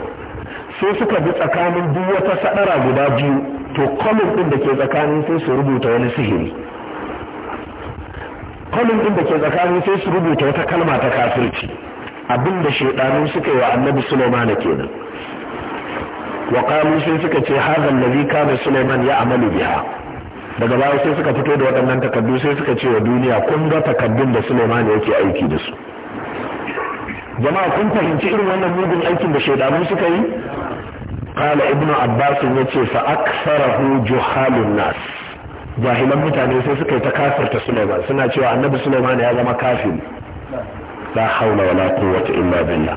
Speaker 1: sai suka bi tsakanin duk wata sadara guda biyu to kolin ɗin da ke tsakanin sai su rubuta wani sihiri kolin ɗin da ke tsakanin sai su rubuta wata kalma ta kafirci abin da shaidanu suka yi wa annabi suleiman kenan wa qalu sai suka ce na zika kana suleiman ya amalu biha daga baya sai suka fito da waɗannan takardu sai suka ce wa duniya kun ga takaddun da suleiman yake aiki da su jama'a kun fahimci irin wannan mugun aikin da shaidanu suka yi qala ibnu abbas ce fa aktharahu juhalun nas jahilan mutane sai suka yi ta kafirta Sulaiman suna cewa annabi Sulaiman ya zama kafin la haula wala quwwata illa billah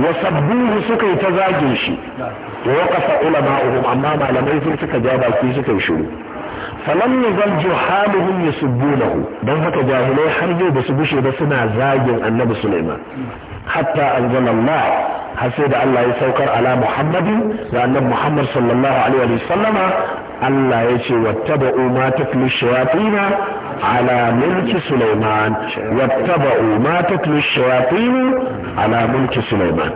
Speaker 1: wa sabbuhu suka yi ta zagin shi wa waqafa ulama'uhum amma malamai sun suka ja baki suka yi shiru فلم يظل جحالهم يسبونه دون هكا جاهلي حرجوا بس بشي بسنا زاجوا النبي سليمان حتى أنزل الله حسيد الله يسوكر على محمد وأن محمد صلى الله عليه وسلم الله يشي واتبعوا ما تكل الشياطين على ملك سليمان واتبعوا ما تكل الشياطين على ملك سليمان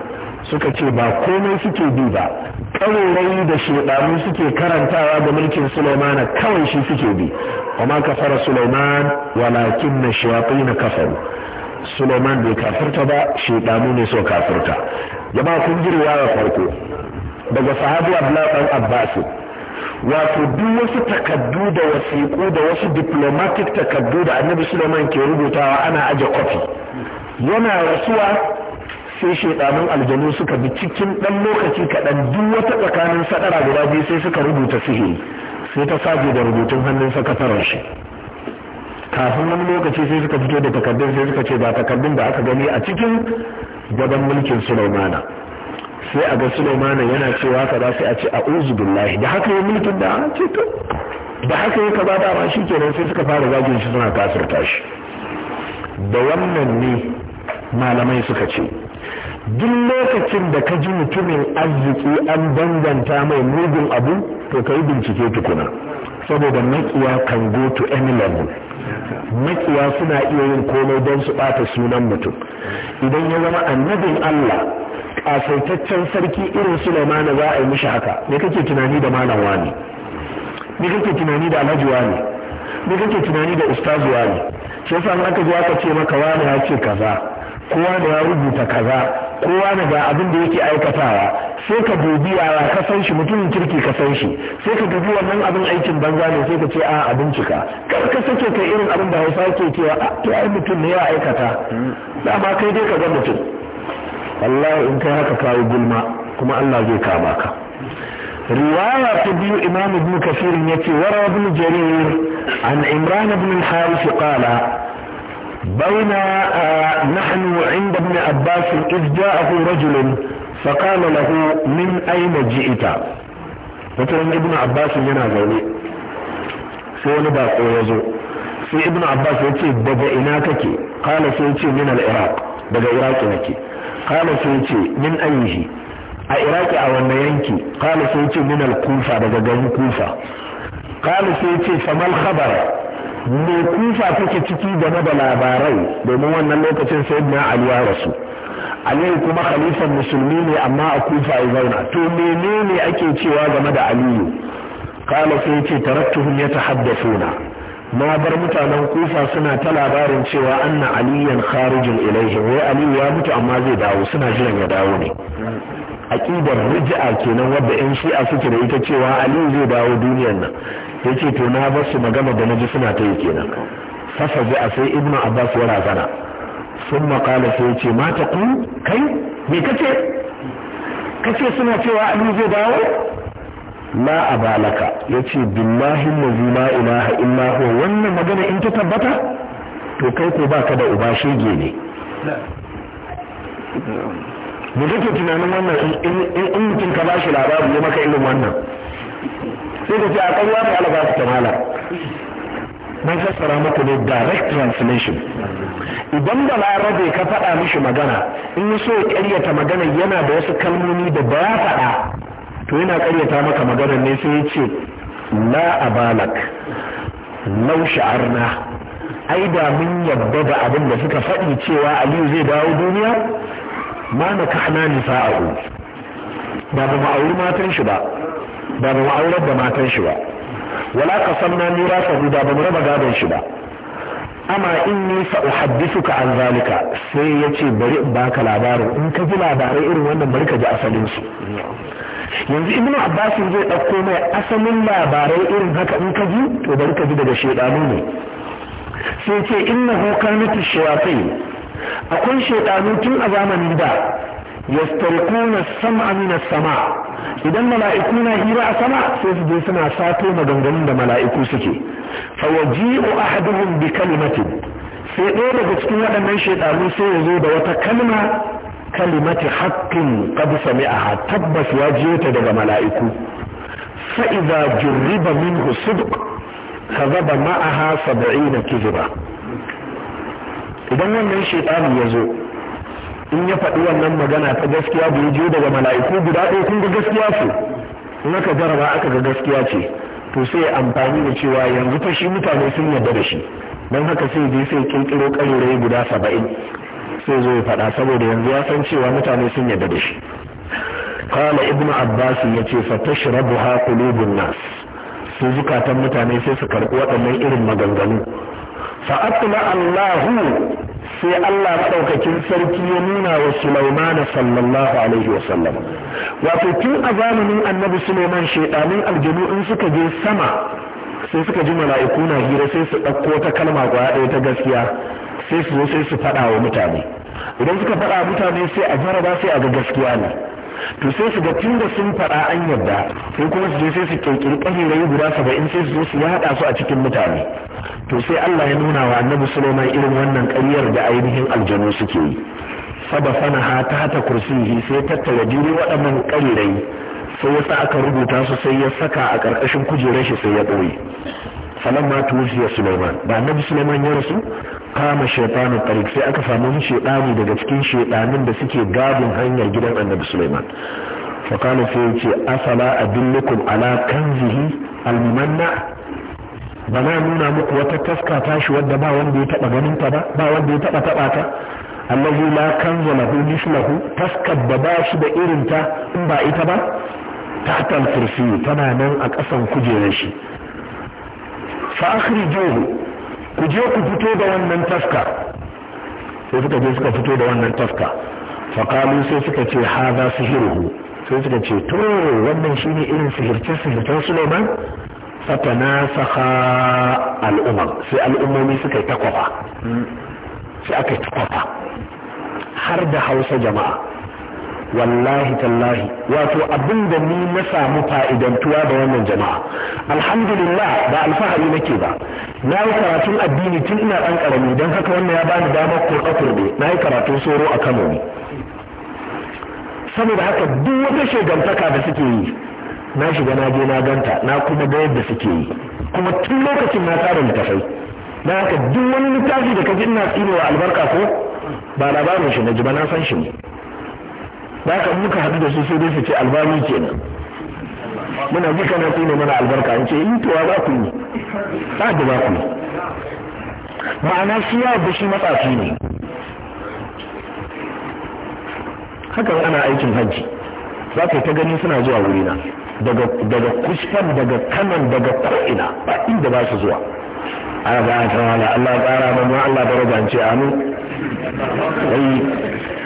Speaker 1: suka ce ba komai suke bi ba ƙaurayi da shedanu suke karantawa da mulkin Sulaimana kawai shi suke bi wa ma kafara Sulaiman walakin na shayatin kafaru Sulaiman bai kafirta ba shedanu ne so kafirta ba kun girwa ya farko daga sahabi Abdullah dan wato duk wasu takaddu da wasiƙu da wasu diplomatic takaddu da annabi suleiman ke rubutawa ana aje kwafi yana rasuwa sai shaidanun aljanu suka bi cikin ɗan lokaci kaɗan duk wata tsakanin sadara guda biyu sai suka rubuta sihiri sai ta sage da rubutun hannun sakatarar shi kafin wani lokaci sai suka fito da takardun sai suka ce ba takardun da aka gani a cikin gaban mulkin sulaimana sai a ga sulaimana yana cewa kaza sai a ce a uzu billahi da haka yi mulkin da ah, ce da haka yi kaza da shi kenan sai suka fara zagin shi suna kasirta shi da wannan ne malamai suka ce duk lokacin da ka ji mutumin arziki an danganta mai mugun abu to ka yi bincike tukuna saboda makiya kan go to any level makiya suna iya yin komai don su bata sunan mutum idan ya zama annabin Allah kasaitaccen sarki irin Sulaimana za a yi mishi haka me kake tunani da malam wani me kake tunani da alhaji wani me kake tunani da ustazu wani shi yasa aka zo aka ce maka wani ya ce kaza kowa da ya rubuta kaza kowa na ga abin da yake aikatawa sai ka dubi yara ka san shi mutumin kirki ka san shi sai ka dubi wannan abin aikin banza ne sai ka ce a abin cika kar ka sake kai irin abin da hausa yake cewa a to ai mutum ne ya aikata dama kai dai ka ga mutum wallahi in kai haka kawo gulma kuma Allah zai kama ka ta biyu إمام ابن كثير يتي وروى jarir an imran ibn al-harith qala بين نحن عند ابن عباس إذ جاءه رجل فقال له من أين جئت وترى ابن عباس ينا زوني سيوني باقو يزو sai ibn abbas ya ce daga ina kake kala sai ce min al daga iraki nake kala sai ce min ayyuhi a iraki a wannan yanki kala sai ce min al daga garin kufa kala sai ce famal khabara me kufa kuke ciki game da labarai domin wannan lokacin sai na ya rasu aliyu kuma khalifan musulmi ne amma a kufa ya zauna to menene ake cewa game da aliyu kala sai ce taraktuhum yatahaddathuna na bar mutanen kufa suna ta labarin cewa anna aliyan kharijin ilaihi wai aliyu ya mutu amma zai dawo suna jiran ya dawo ne aqidar ruj'a kenan wadda yan shi'a suke da ita cewa aliyu zai dawo duniyar nan yake to na bar su magana da naji suna ta yi kenan fasa ji a sai ibnu abbas ya razana sun maƙala sai ce ma ta ku kai me kace kace suna cewa aliyu zai dawo la abalaka yace billahi allazi la ilaha illa huwa wannan magana in ta tabbata to kai ko baka da uba shege ne mu kake tunanin wannan in mutum ka bashi labari ya maka irin wannan sai ka ce a kan ka ala basu kamala ban fassara muku ne direct translation idan da larabe ka faɗa mishi magana in so ya ƙaryata magana yana da wasu kalmomi da ba ya faɗa to yana ƙaryata maka maganar ne sai ya ce la abalak lau sha'arna ai da mun yadda da abin da suka faɗi cewa aliyu zai dawo duniya ma na kana nisa'ahu da ba mu auri matan shi ba da ba mu aurar da matan shi ba wala qasamna mirasahu da ba mu raba gadon shi ba amma inni ka uhaddithuka an zalika sai yace bari in baka labarin in ka ji labarai irin wannan bari ka ji asalin su yanzu ibnu abbas zai dauko mai asalin labarai irin haka in ka ji to bari ka ji daga shedanu ne sai ce innahu kanat shayatin akwai shaidanu tun a zamanin da yastarikuna sam'a min sama idan mala'iku na hira a sama sai su je suna sato maganganun da mala'iku suke fa o ahaduhum bi kalimatin sai ɗaya daga cikin waɗannan shaidanu sai ya zo da wata kalma kalimati haqqin qad sami'aha tabbas ya jiyo ta daga mala'iku fa idza jurriba minhu sidq zaba ma'aha 70 ba. idan wannan shaitani ya zo in ya faɗi wannan magana ta gaskiya da ya je daga mala'iku guda ɗaya kun ga gaskiya su. in aka jaraba aka ga gaskiya ce to sai amfani da cewa yanzu fa shi mutane sun yarda da shi don haka sai je sai ƙirƙiro karerai guda saba'in sai zo ya faɗa saboda yanzu ya san cewa mutane sun yarda da shi قال ابن عباس يتي فتشربها قلوب الناس su zukatan mutane sai su karɓi waɗannan irin maganganu fa aqla Allahu sai Allah saukakin sarki ya nuna wa Sulaiman sallallahu alaihi wa sallam wato tun a zamanin Annabi Sulaiman shaiɗanin aljanu in suka je sama sai suka ji mala'iku na hira sai su ɗauko ta kalma kwaya ɗaya ta gaskiya sai su zo sai su faɗa wa mutane idan suka faɗa mutane sai a jaraba sai a ga gaskiya ne to sai su ga tunda sun fara an yarda sai kuma su je sai su kirkiri ƙabirai guda saba'in sai su zo su yaɗa su a cikin mutane to sai Allah ya nuna wa annabi Sulaiman irin wannan ƙaryar da ainihin aljanu suke yi sana ha ta hata kursiyi sai tattara jiri waɗannan ƙarirai sai ya sa aka rubuta su sai ya saka a ƙarƙashin kujerar shi sai ya ɓoye falamma ma tuwufiya Sulaiman da annabi Sulaiman ya rasu kama shaitanu tariq sai aka samu wani shaitani daga cikin shaitanin da suke gadin hanyar gidan annabi Sulaiman fa kana sai yace afala adillukum ala kanzihi almumanna bana nuna muku wata taska tashi wadda ba wanda ya taba ganin ta ba ba wanda ya taba taba ta allazi la lahu mislahu taskar da ba shi da irin ta in ba ita ba tahtal kursi tana nan a kasan kujerar shi fa akhrijuhu ku je ku fito da wannan tafka sai suka je suka fito da wannan tafka faƙalu sai suka ce haza sihiruhu sai suka ce to wannan shine irin sihirce sihircen suleiman fatana saka al'umar sai al'ummomi suka yi takwafa sai aka yi takwafa har da hausa jama'a wallahi tallahi wato abin da ni na samu fa'idantuwa da wannan jama'a alhamdulillah ba alfahari nake ba na yi karatun addini tun ina ɗan ƙarami don haka wannan ya bani damar kurɗe kurɗe na yi karatun soro a kano ne saboda haka duk wata shegantaka da suke yi na shiga na je na ganta na kuma ga yadda suke yi kuma tun lokacin na tsara littafai na haka duk wani littafi da ka ji ina tsinewa albarka ko ba labarin shi na ji ba na san shi ne ba ka muka haɗu da su sai dai su ce albani kenan muna ji kana tsine mana albarka in ce in eh, tuwa za ku yi ba da za ku yi ma'ana shi ya da matsafi ne haka ana aikin hajji za ka ta gani suna zuwa wurina daga kusfan daga kanan daga ko'ina ba inda ba su zuwa a ba ta wala Allah tsara ba mu Allah ba rubance amin ai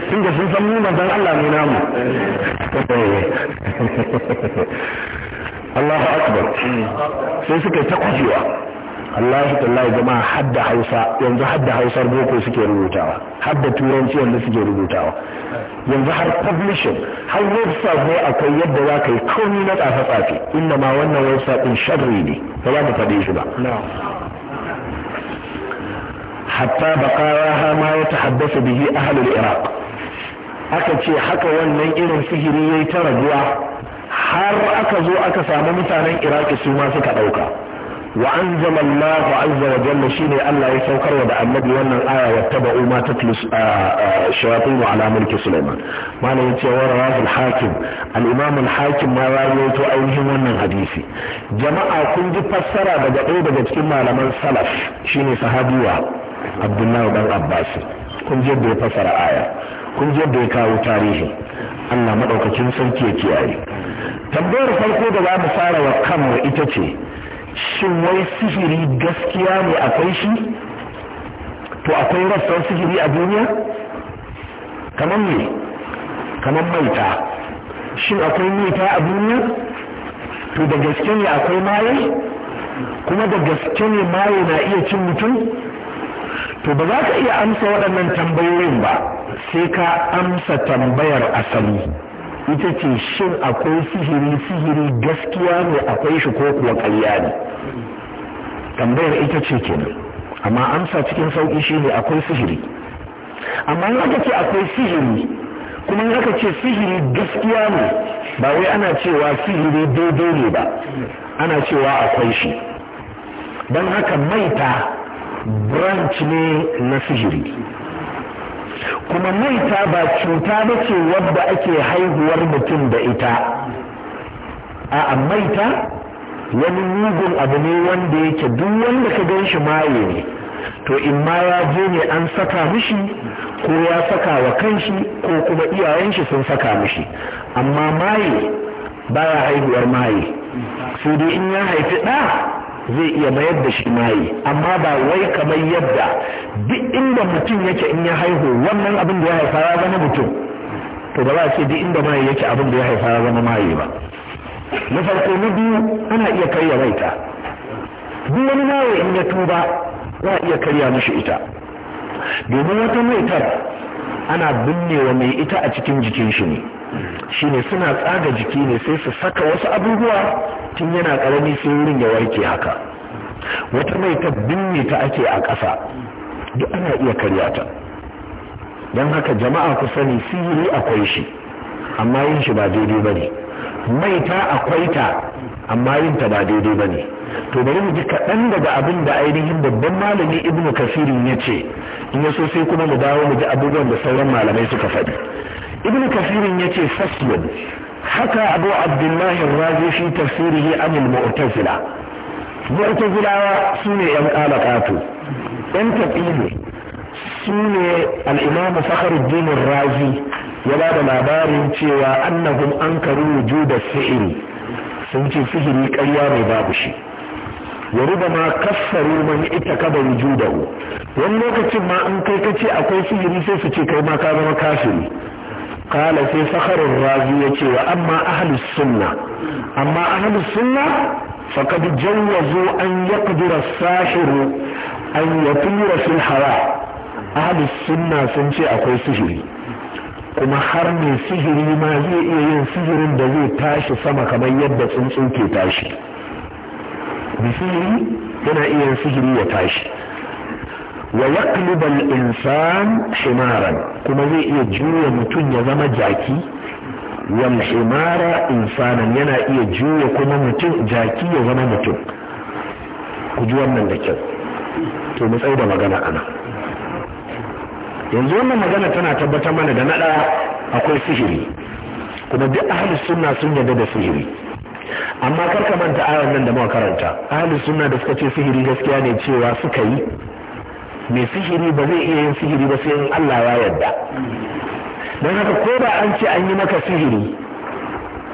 Speaker 1: tun da sun san mu manzon Allah ne namu Allahu akbar sai suka ta kujewa Allah tallahi jama'a hadda Hausa yanzu hadda Hausar boko suke rubutawa hadda turanci yanzu suke rubutawa yanzu har publishing har website ne akwai yadda za ka yi komi na tsafe-tsafe inda ma wannan website din sharri ne ba za mu faɗe shi ba hatta بقاها ما يتحدث bihi ahlul iraq aka ce haka wannan irin sihiri yayi ta raguwa har aka zo aka samu mutanen iraki su ma suka dauka wa anzama Allah wa jalla shine Allah ya saukarwa da annabi wannan aya wa taba'u ma tatlus shayatin alamun mulki Sulaiman malamin yace wa rawahu al-hakim al-imam al-hakim ma rawaito ainihin wannan hadisi jama'a kun ji fassara daga ɗaya daga cikin malaman salaf shine sahabiwa Abdullahi dan Abbas kun ji ya fassara aya kun ji ya kawo tarihi Allah madaukakin sarki ya kiyaye tambayar farko da za mu fara wa kanmu ita ce shin wai sihiri gaskiya ne akwai shi to akwai rassan sihiri a duniya kamar ne kamar maita shin akwai maita a duniya to da gaske ne akwai maye kuma da gaske ne maye na iya cin mutum to ba za ka iya amsa waɗannan tambayoyin ba sai ka amsa tambayar asali ita ce shin akwai sihiri sihiri gaskiya ne akwai shi ko kuwa ƙarya ne tambayar ita ce kenan amma amsa cikin sauƙi shine akwai sihiri amma in aka ce akwai sihiri kuma in aka ce sihiri gaskiya ne ba wai ana cewa sihiri daidai ne ba ana cewa akwai shi don haka maita branch ne na sihiri kuma maita ba cuta ba ce wadda ake haihuwar mutum da ita a maita wani mugun abu ne wanda yake duk wanda ka gan shi maye ne to in ma ya je ne an saka mishi ko ya saka wa kanshi ko kuma iyayen shi sun saka mishi amma maye baya haihuwar maye sai dai in ya haifi ɗa zai iya mayar da shi maye amma ba wai kamar yadda duk inda mutum yake in ya haihu wannan abin da ya haifa ya zama mutum to ba za a ce duk inda maye yake abin da ya haifa ya zama maye ba na farko na biyu ana iya karya maita
Speaker 3: duk wani nawa in ya
Speaker 1: tuba za a iya karya mashi ita domin wata maitar ana binnewa mai ita a cikin jikin shi ne shine suna tsaga jiki ne sai su saka wasu abubuwa tun yana karami sai wurin ya warke haka wata maitar binne ta ake a ƙasa duk ana iya karya ta don haka jama'a ku sani sihiri akwai shi amma yin shi ba daidai ba ne maita akwai ta amma yin ta ba daidai ba ne to bari mu ji kaɗan daga abin da ainihin babban malami ibnu kasiri ya ce in ya so sai kuma mu dawo mu ji abubuwan da sauran malamai suka faɗi ibnu kafirin ya ce faslun haka abu abdullahi razi fi tafsirihi anil mu'tazila mu'tazilawa su ne yan kalakatu yan tafi ne su ne al'imamu sakharuddin razi ya ba da labarin cewa annahum ankaru wujuda sihiri sun ce sihiri ƙarya ne babu shi wa rubama kaffaru man da wujudahu wani lokacin ma an kai kace akwai sihiri sai su ce kai ma ka zama kafiri kala sai sakharin razi ya ce wa amma ahlus sunna amma ahlus sunna faqad jawazu an yaqdira sahiru an yatura fil hawa ahlus sunna sun ce akwai sihiri kuma har mai sihiri ma zai iya yin sihirin da zai tashi sama kamar yadda tsuntsu ke tashi mai sihiri yana iya yin sihiri ya tashi wa yaqlibal insan himaran kuma zai iya juya mutum ya zama jaki wal himara insanan yana iya juya kuma mutum jaki ya zama mutum ku ji wannan da kyau to mu tsaye da magana ana yanzu wannan magana tana tabbatar mana da na akwai sihiri kuma duk ahli sunna sun yarda da sihiri amma kar ka manta ayar nan da muka karanta ahli sunna da suka ce sihiri gaskiya ne cewa suka yi mai sihiri ba zai iya yin sihiri ba sai in Allah ya yarda don haka ko da an ce an yi maka sihiri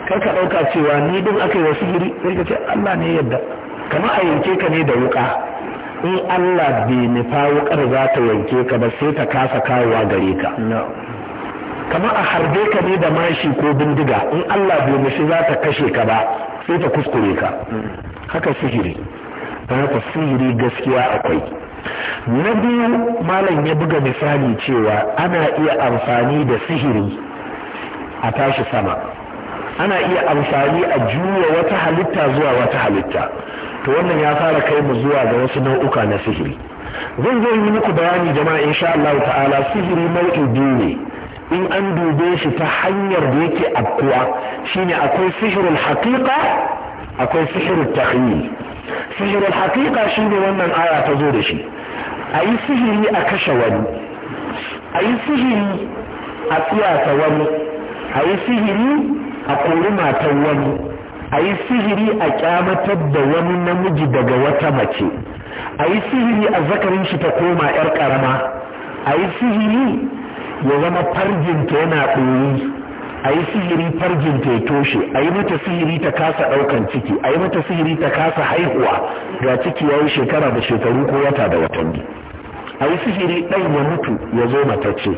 Speaker 1: kar ka ɗauka cewa ni din aka wa sihiri sai ka ce Allah ne yarda kamar a yanke ka ne da wuka in Allah bai nufa wukar za ta yanke ka ba sai ta kasa kawowa gare ka kamar a harbe ka ne da mashi ko bindiga in Allah bai nufi za ta kashe ka ba sai ta kuskure ka haka sihiri ta haka sihiri gaskiya akwai na biyu malam ya buga misali cewa ana iya amfani da sihiri a tashi sama ana iya amfani a juya wata halitta zuwa wata halitta to wannan ya fara kai mu zuwa ga wasu nau'uka na sihiri zan zo yi muku bayani jama'a insha Allah ta'ala sihiri nau'i biyu ne in an dube shi ta hanyar da yake afkuwa shine akwai sihirul haqiqa akwai sihirul takhyil sihirul haqiqa shine wannan aya ta zo da shi a yi sihiri a kashe wani a yi sihiri a tsiyata wani a yi sihiri a kori matan wani a yi sihiri a kyamatar da wani namiji daga wata mace a yi sihiri a zakarin shi ta koma yar karama a yi sihiri ya zama farjinta yana ɗoyi a yi sihiri farjinta ya toshe a yi mata sihiri ta kasa ɗaukan ciki a yi mata sihiri ta kasa haihuwa ga ciki ya yi shekara da shekaru ko wata da watanni a yi sihiri ɗan ya mutu ya zo matacce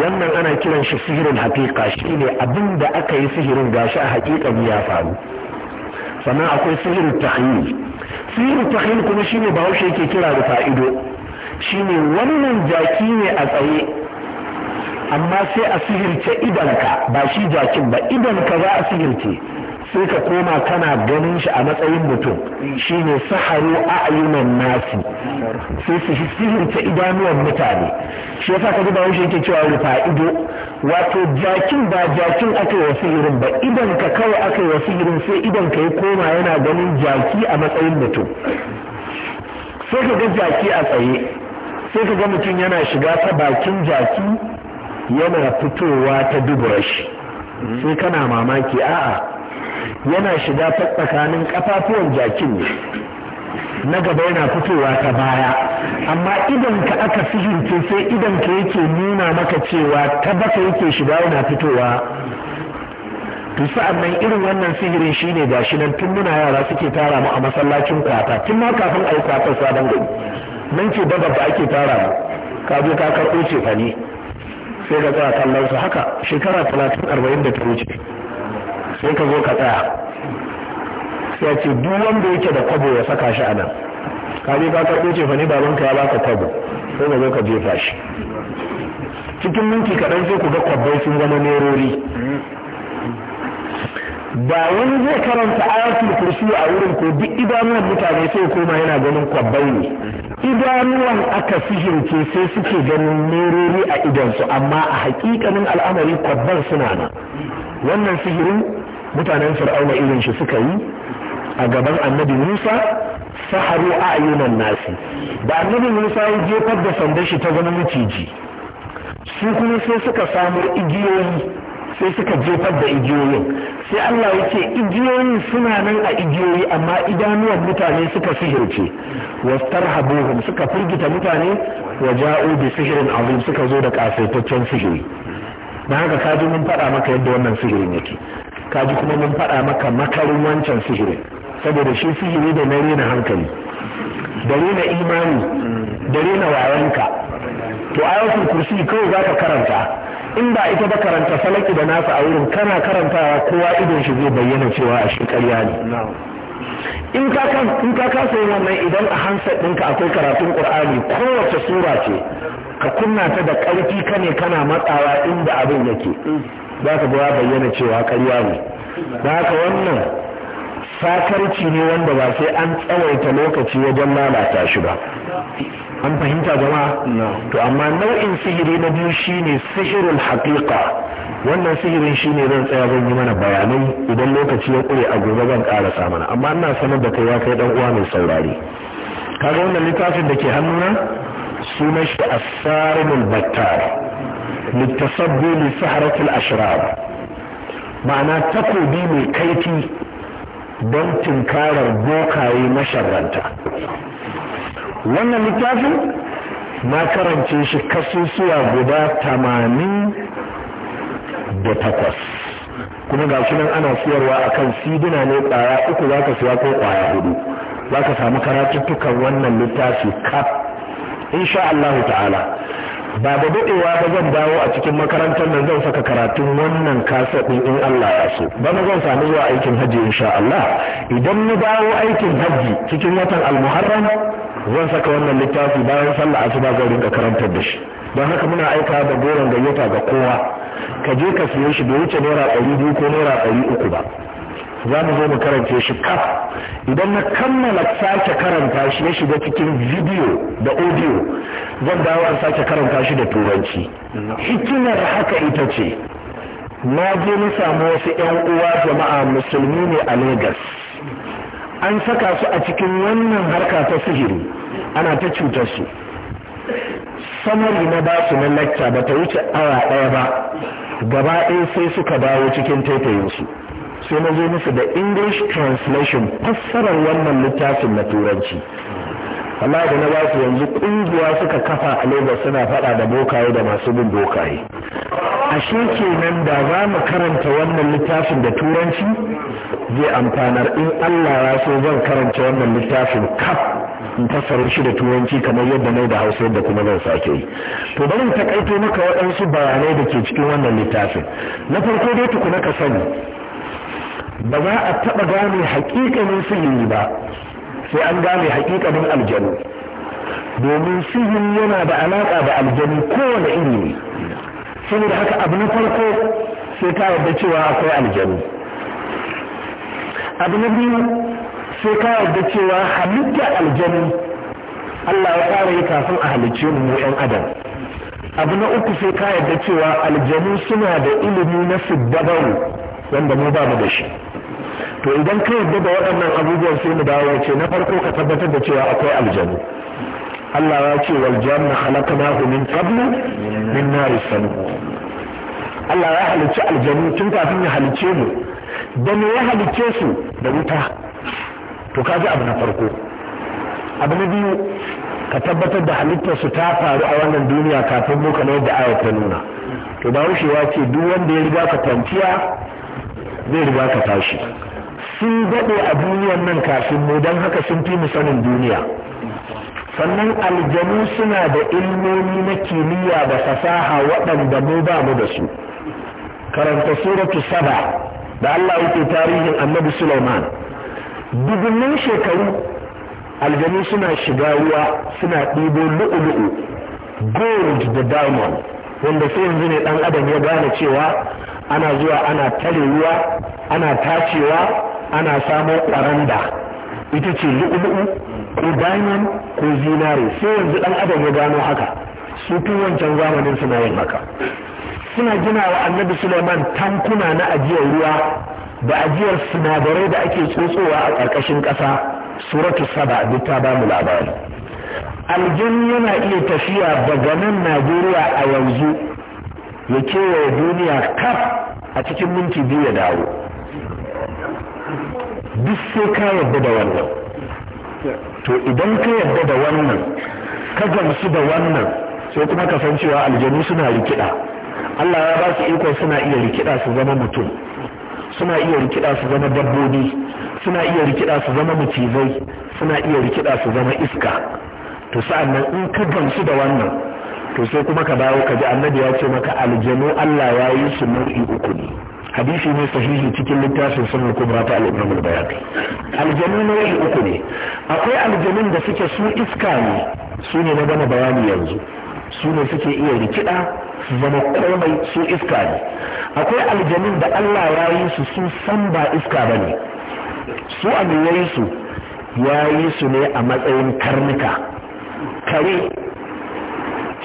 Speaker 1: wannan ana kiran shi sihirin haƙiƙa shine abin da aka yi sihirin gashi a haƙiƙani ya faru sannan akwai sihirin tahyil sihirin tahyil kuma shine ne haushe yake kira da fa'ido shine wannan jaki ne a tsaye amma sai a sihirce idanka ba shi jakin ba idanka za a sihirce sai ka koma kana ganin shi a matsayin mutum Shi shine saharu a'yunan nasi sai su sihirta idanuwan mutane shi yasa ka duba shi yake cewa rufa ido wato jakin ba jakin aka yi wasu irin ba idan ka kawai aka yi wasu irin sai idan ka yi koma yana ganin jaki a matsayin mutum sai ka ga jaki a tsaye sai ka ga mutum yana shiga ta bakin jaki yana fitowa ta dubura shi sai kana mamaki a'a yana shiga ta tsakanin kafafuwan jakin ne na gaba yana fitowa ta baya amma idan ka aka fahimce sai idan ka yake nuna maka cewa ta baka yake shiga yana fitowa to sa'an nan irin wannan sihirin shine gashi nan tun muna yara suke tara mu a masallacin kwata tun ma kafin a yi kwatar sabon gari nan ce dabar da ake tara mu ka zo ka karɓo ce fani sai ga tsaya kallon su haka shekara talatin arba'in da ta wuce sai ka zo ka tsaya sai ce duk wanda yake da kwabo ya saka shi a nan ka ba ka ce fa ne babanka ya baka kwabo sai ka zo ka jefa shi cikin minti kaɗan sai ku ga kwabbai sun zama nerori ba wani zai karanta ayatul kursi a wurin ko duk idanuwan mutane sai koma yana ganin kwabbai ne idanuwan aka sihirce sai suke ganin nerori a idansu amma a hakikanin al'amari kwabban suna nan wannan sihirin mutanen fir'auna irin shi suka yi a gaban annabi musa saharu a nasi da annabi musa ya jefar da sanda shi ta zama maciji su kuma sai suka samu igiyoyi sai suka jefar da igiyoyin sai allah ya ce igiyoyin suna nan a igiyoyi amma idanuwan mutane suka sihirce wastar suka firgita mutane wa ja'u bi sihirin azim suka zo da kasaitaccen sihiri na haka kaji mun faɗa maka yadda wannan sihirin yake kaji kuma mun faɗa maka makarin wancan sihirin saboda shi sihiri da na rena hankali da rena imani da rena wayanka to ayatul kursi kawai zaka karanta in ba ita ba karanta salaki da nasa a wurin kana karantawa kowa idon shi zai bayyana cewa a shi ne in ka kasa yin wannan idan a hansar ɗinka akwai karatun ƙur'ani kowace sura ce ka kunna ta da ƙarfi kane kana matsawa inda abin yake za ka ga bayyana cewa ƙarya ne da haka wannan sakarci ne wanda ba sai an tsawaita lokaci wajen lalata shi ba an fahimta zama. to amma nau'in sihiri na biyu shine sihirin haƙiƙa. wannan sihirin shine zan tsaya zan yi mana bayanai idan lokaci ya ƙure a gobe zan ƙarasa mana amma ina sanar da kai ya kai dan uwa mai saurare kaga wannan littafin da ke hannuna sunan shi asarimul battar littasabbu li saharatul ashirar, ma'ana takobi mai kaifi don tinkarar bokaye masharranta wannan littafin na karance shi kasusuwa guda tamanin da takwas kuma ga shi nan ana siyarwa akan sidina ne kwaya uku za ka siya ko kwaya hudu za ka samu karatuttukan wannan littafi kaf insha Allah ta'ala ba da daɗewa ba zan dawo a cikin makarantar nan zan saka karatun wannan kasa ɗin in Allah ya so ba na zan samu zuwa aikin hajji insha Allah idan na dawo aikin hajji cikin watan al zan saka wannan littafi bayan sallah asuba zan rinka karantar da shi don haka muna aika da goron gayyata ga kowa ka je ka siyo shi bai wuce naira ɗari biyu ko naira ɗari uku ba za mu zo mu karance shi kaf idan na kammala sake karanta shi ya shiga cikin video da audio zan dawo an sake karanta shi da turanci hikimar haka ita ce na je na samu wasu 'yan uwa jama'a musulmi ne a Legas an saka su a cikin wannan harka ta sihiri ana ta cutar su samari na ba su na lacca ba ta wuce awa ɗaya ba gaba ɗaya sai suka dawo cikin su sai na zo musu da english translation fassarar wannan littafin na turanci amma da na ba su yanzu kungiya suka kafa a lagos suna fada da bokaye da masu bin bokaye ashe kenan da za mu karanta wannan littafin da turanci zai amfanar in allah ya so zan karanta wannan littafin kaf in fassarar shi da turanci kamar yadda na da hausa yadda kuma zan sake yi to bari takaito maka waɗansu bayanai da ke cikin wannan littafin na farko dai tukuna ka sani ba za a taɓa gane hakikanin sihiri ba sai an gane hakikanin aljanu domin sihiri yana da alaƙa da aljanu kowane iri ne saboda haka abu na farko
Speaker 3: sai ka yarda cewa akwai aljanu
Speaker 1: abu na biyu sai ka yarda cewa halitta aljanu Allah ya fara yi kafin a halicce mu 'yan adam abu na uku sai ka yarda cewa aljanu suna da ilimi na siddabaru wanda mu ba mu da shi to idan ka yadda da waɗannan abubuwan sai mu dawo ce na farko ka tabbatar da cewa akwai aljanu Allah ya ce wal janna khalaqnahu min qabl min nari samu Allah ya halicci aljanu tun kafin ya halicce mu da me ya halicce su da wuta to ka ji abu na farko abu na biyu ka tabbatar da halittar su ta faru a wannan duniya kafin mu kamar yadda ayat ta nuna to ba wucewa ce duk wanda ya riga ka kwanciya zai riga ka tashi sun daɗe a duniyar nan kafin mu don haka sun fi mu sanin duniya sannan aljanu suna da ilmomi na kimiyya da fasaha waɗanda mu ba mu da su karanta suratu saba da Allah yake tarihin annabi Sulaiman dubunnan shekaru aljanu suna shiga ruwa suna ɗibo lu'ulu'u gold da diamond wanda sai yanzu ne ɗan adam ya gane cewa ana zuwa ana tare ruwa ana tacewa ana samo ƙwaranda ita ce lu'ulu'u ko diamond ko zinare sai yanzu ɗan adam ya gano haka su tun wancan zamanin suna yin haka suna gina wa annabi suleiman tankuna na ajiyar ruwa da ajiyar sinadarai da ake tsotsowa a ƙarƙashin ƙasa suratu saba duk ta ba mu labari aljin yana iya tafiya daga nan najeriya a yanzu ya kewaye duniya kaf a cikin minti biyu ya dawo duk sai ka yarda da wannan to idan ka yarda da wannan ka gamsu da wannan sai kuma ka san cewa aljanu suna rikida Allah ya ba su iko suna iya rikida su zama mutum suna iya rikida su zama dabbobi suna iya rikida su zama macizai suna iya rikida su zama iska to sa'an nan in ka gamsu da wannan to sai kuma ka dawo ka ji annabi ya ce maka aljanu Allah ya yi su nau'i uku ne hadisi ne sahihi cikin littafin sunan kubra ta al-imam al-bayhaqi aljanu nau'i uku ne akwai aljanun da suke su iska ne su ne na gama bayani yanzu su ne suke iya rikida su zama komai su iska ne akwai aljanun da Allah ya yi su su san ba iska bane su annabi ya yi su ya su ne a matsayin karnuka kare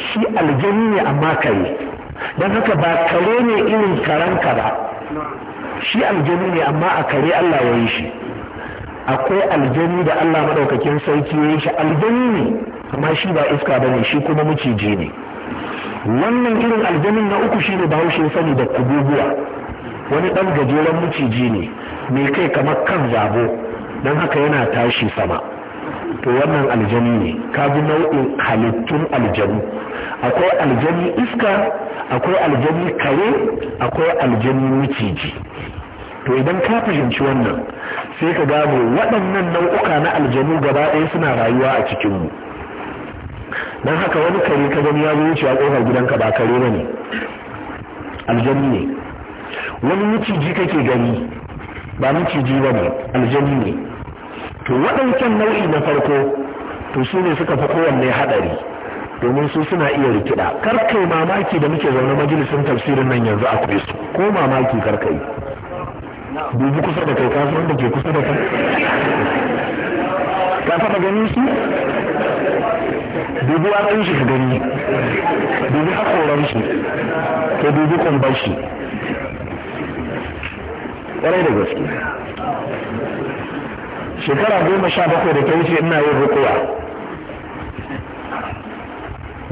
Speaker 1: shi aljani ne amma kare don haka ba kare ne irin karanka ba shi aljani ne amma a kare Allah ya yi shi akwai aljani da Allah maɗaukakin sarki ya yi shi aljani ne amma shi ba iska ba ne shi kuma maciji ne wannan irin aljanin na uku shi ne da bahaushe sani da kububuwa wani ɗan gajeren maciji ne mai kai kamar kan zabo don haka yana tashi sama to wannan aljani ne ka bi nau'in halittun aljani akwai aljani iska akwai aljani kare akwai aljani miciji to idan ka fahimci wannan sai ka gano waɗannan nau'uka na aljanu gaba ɗaya suna rayuwa a cikinmu don haka wani kare ka gani ya wuce a ƙofar gidanka ba kare ba ne aljani ne wani miciji kake gani ba miciji ba ne aljani ne to waɗancan nau'i na farko to su ne suka fi kowanne haɗari domin su suna iya rikida kar kai mamaki da muke zaune majalisun tafsirin nan yanzu a kuɗe su ko mamaki kar kai dubi kusa da kai kasuwan da ke kusa da kai ka taɓa
Speaker 3: ganin su dubi
Speaker 1: ɗan shi ka gani a hakoran shi ka dubu kwan bashi. ƙwarai da gaske shekara goma sha bakwai da ta wuce ina yin rukuwa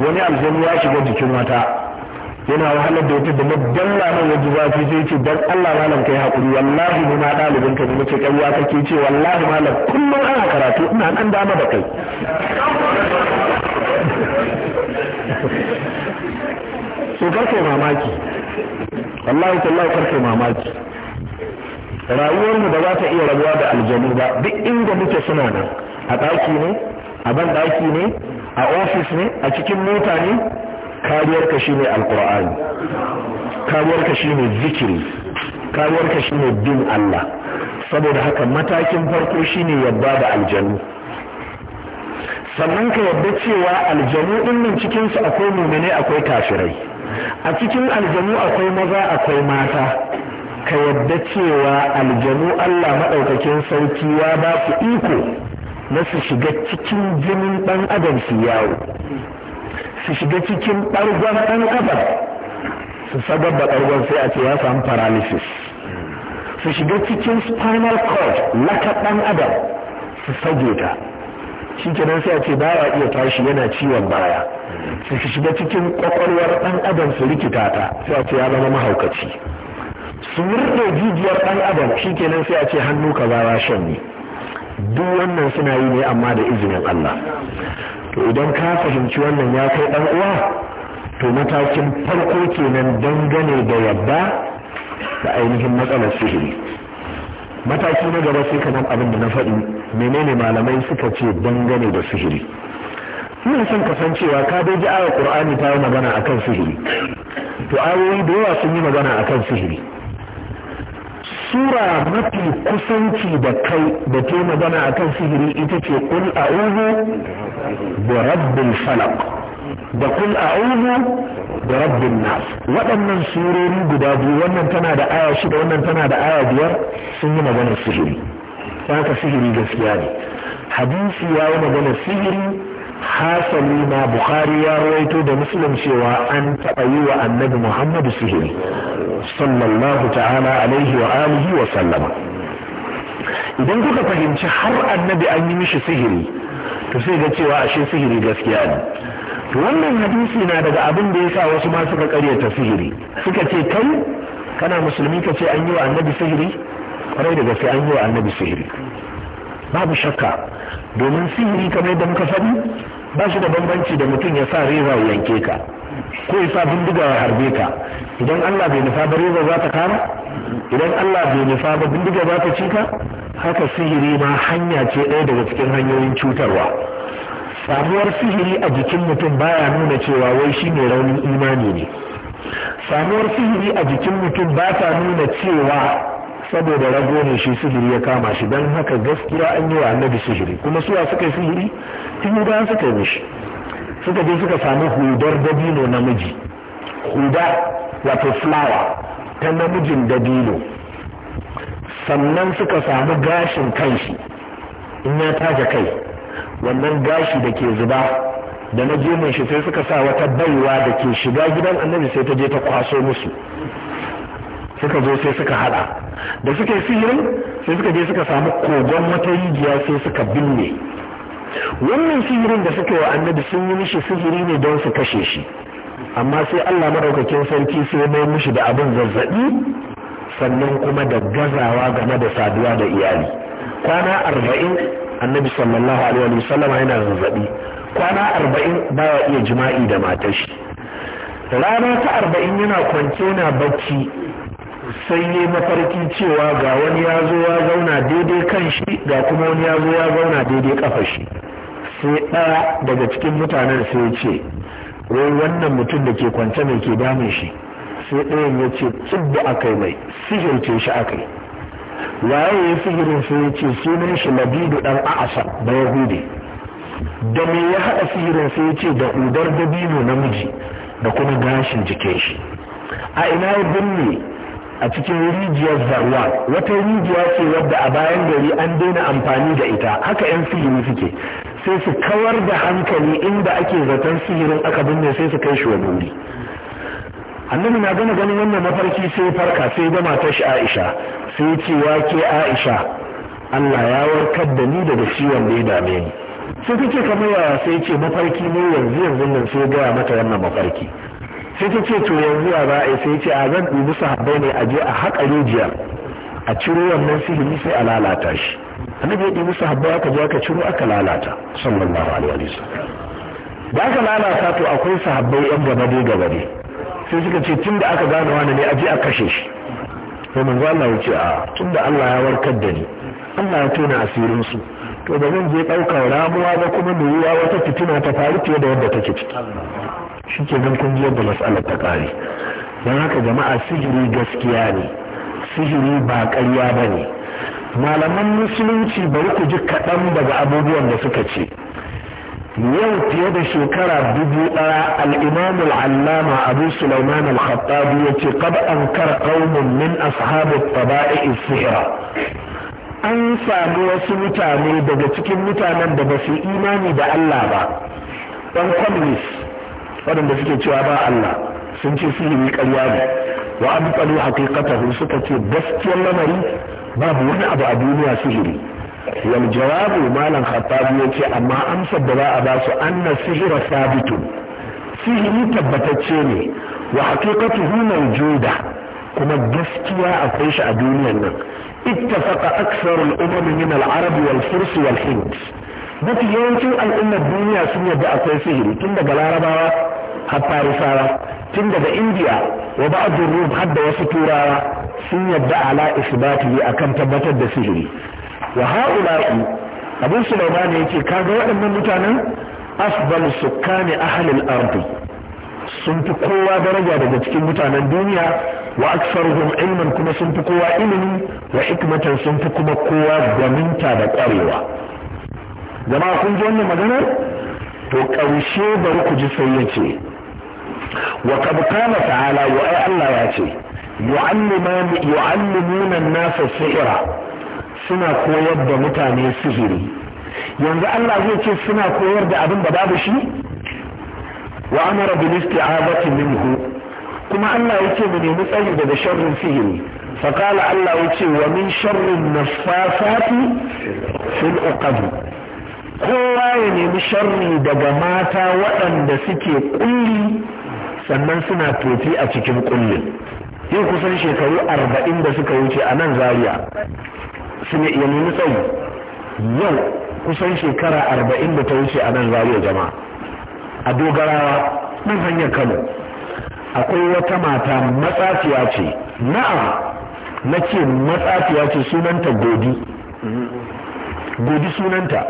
Speaker 1: wani aljanu ya shiga jikin wata yana wahalar da wata da dalla nan wajen zafi sai ce dan Allah malam kai hakuri wallahi ni ma dalibin ka ne nake ƙarya kake ce wallahi malam kullum ana karatu ina nan dama da kai
Speaker 3: so karkai mamaki
Speaker 1: wallahi tallahi karkai mamaki rayuwarmu ba za ta iya rabuwa da aljanu ba duk inda muke suna nan a ɗaki ne a ban ɗaki ne a ofis ne a cikin mota ne kariyarka shine alkur'ani kariyarka shine zikiri kariyarka shine bin Allah saboda haka matakin farko shine yabba da aljanu sannan ka yadda cewa aljanu din nan cikin su akwai mumine akwai kafirai a cikin aljanu akwai maza akwai mata ka yadda cewa aljanu Allah maɗaukakin sarki ya ba su iko na su shiga cikin jinin ɗan adam su yawo su shiga cikin ɓargon ɗan adam su da ɓargon sai a ce ya samu paralysis su shiga cikin spinal cord laka ɗan adam su sage ta shi kenan sai a ce ba iya tashi yana ciwon baya su shiga cikin ƙwaƙwalwar ɗan adam su rikita ta sai a ce ya zama mahaukaci su murɗe jijiyar ɗan adam shi kenan sai a ce hannu kaza shan ne duk wannan suna yi ne amma da izinin Allah to idan ka fahimci wannan ya kai ɗan uwa to matakin farko kenan dangane da yadda da ainihin matsalar sihiri mataki na gaba sai kanan abin da na faɗi menene malamai suka ce dangane da sihiri ina son kasancewa ka dai ji ayar qur'ani ta yi magana akan sihiri to ayoyi da yawa sun yi magana akan sihiri sura mafi kusanci da kai da ke magana a kan sihiri ita ce kul a'udhu da rabbin falak da kul a'udhu da rabbin nas waɗannan surori guda biyu wannan tana da aya shida wannan tana da aya biyar sun yi maganar sihiri ka sihiri gaskiya ne hadisi ya yi maganar sihiri hasali ma bukhari ya rawaito da muslim cewa an taɓa yi wa annabi muhammadu sihiri sallallahu ta'ala alaihi wa alihi wa sallama idan kuka fahimci har annabi an yi mishi sihiri to sai ga cewa ashe sihiri gaskiya ne to wannan hadisi na daga abin da ya sa wasu ma suka karyata sihiri suka ce kai kana musulmi ka ce an yi wa annabi sihiri kwarai da gaske an yi wa annabi sihiri babu shakka domin sihiri kamar da muka faɗi ba shi da bambanci da mutum ya sa reza ya yanke ka ko ya sa bindiga ya harbe ka idan Allah bai nufa ba reza za ta kama idan Allah bai nufa ba bindiga za ta ci ka haka sihiri ma hanya ce ɗaya daga cikin hanyoyin cutarwa samuwar sihiri a jikin mutum baya nuna cewa wai shi ne raunin imani ne samuwar sihiri a jikin mutum ba ta nuna cewa saboda rago ne shi sihiri ya kama shi don haka gaskiya an yi wa annabi sihiri kuma suwa suka yi sihiri yahudawa suka yi mishi suka je suka sami hudar dabino namiji huda wato fulawa ta namijin dabino sannan suka samu gashin kanshi in ya taja kai wannan gashi da ke zuba da na gemun shi sai suka sa wata baiwa da ke shiga gidan annabi sai ta je ta kwaso musu suka zo sai suka hada da suka yi sihirin sai suka je suka samu kogon wata rijiya sai suka binne wannan sihirin da suka yi wa annabi sun yi mishi sihiri ne don su kashe shi amma sai Allah madaukakin sarki sai mai mishi da abin zazzabi sannan kuma da gazawa game da saduwa da iyali kwana arba'in annabi sallallahu alaihi wa sallam yana zazzabi kwana arba'in baya iya jima'i da matar shi rana ta arba'in yana kwance na bacci sai ne mafarki cewa ga wani ya zo ya zauna daidai kan shi ga kuma wani ya zo ya zauna daidai kafa shi sai ɗaya daga cikin mutanen sai ya ce wai wannan mutum da ke kwance mai ke damun shi sai ɗayan ya ce a akai mai sihirce shi akai waye ya sihirin sai ya ce sunan shi labidu ɗan a'asa da yahudi da me ya haɗa sihirin sai ya ce da udar dabino namiji da kuma gashin jikin shi a ina ya binne a cikin rijiyar zarwa wata rijiya ce wadda a bayan gari an daina amfani da ita haka 'yan sihiri suke sai su kawar da hankali inda ake zaton sihirin aka binne sai su kai shi wa buri annabi na gama ganin wannan mafarki sai farka sai gama ta shi Aisha sai ce wa ke Aisha Allah ya warkar da ni daga ciwon da ya dame ni sai ce kamar yaya sai ce mafarki ne yanzu yanzu nan sai gaya mata wannan mafarki sai ta ce to yanzu ya ba a yi sai ce a zan ɗubi sahabbai ne a je a haƙa rijiya a ciro wannan sihiri sai a lalata shi annabi ya ɗibi sahabbai aka je aka ciro aka lalata sallallahu alaihi wasallam da aka lalata to akwai sahabbai yan gabade gabade sai suka ce tunda aka gane wani ne a je a kashe shi to manzo Allah ya ce a tunda Allah ya warkar da ni Allah ya tona asirin su to ba zan je ɗaukar ramuwa ba kuma mai yiwuwa wata fitina ta faru fiye da yadda take ciki shi ke kun da matsalar ta ƙare don haka jama'a sihiri gaskiya ne sihiri ba ƙarya ba ne malaman musulunci bari ku ji kaɗan daga abubuwan da suka ce yau fiye da shekara dubu ɗaya al'imam al'allama abu sulaiman al-khattabi ya ce qad ankara qaumun min ashabi taba'i sihra an samu wasu mutane daga cikin mutanen da ba su imani da Allah ba ɗan communist waɗanda suke cewa ba Allah sun ce sihiri ƙarya ne wa abqalu haqiqatahu suka ce gaskiyar lamari babu wani abu a duniya sihiri wal jawabu malam khattabi yace amma amsar da za a ba su anna sihira sabitu sihiri tabbatacce ne wa haqiqatuhu mawjuda kuma gaskiya akwai shi a duniyar nan ittafaqa aktharul umam min al-arab wal furs wal hind mafi yawancin al'ummar duniya sun yadda akwai sihiri tun daga larabawa har farisawa tun daga indiya wa ba'dun rum har da wasu turawa sun yadda ala isbatihi akan tabbatar da sihiri wa ha'ula'i abin sulaiman yake kaga waɗannan mutanen asbal sukkani ahlil ardi sun fi kowa daraja daga cikin mutanen duniya wa aksaruhum ilman kuma sun fi kowa ilimi wa hikmatan sun fi kuma kowa gwaninta da kwarewa jama'a kun ji wannan maganar to ƙarshe bari ku ji sai yace وقد قال تعالى وأعلى ياتي يعلمان يعلمون الناس السحرة سنة قوير بمتاني السحري يعني ينزع الله يتي سنة قوير بأبن بدابشي وأمر بالاستعادة منه كما الله يتي من يمتعيد بشر السحري فقال الله يتي ومن شر النفافات في الأقض قوائن شر دقماتا وأن دسكي قلي sannan suna tofi a cikin kullin Yin kusan shekaru arba'in da suka wuce a nan zaria suna iya nemi tsayi yau kusan shekara arba'in da ta wuce a nan zaria jama'a a dogarawa nan hanyar kano akwai wata mata matsafiya ce na'am na ce matsafiya ce sunanta godi godi sunanta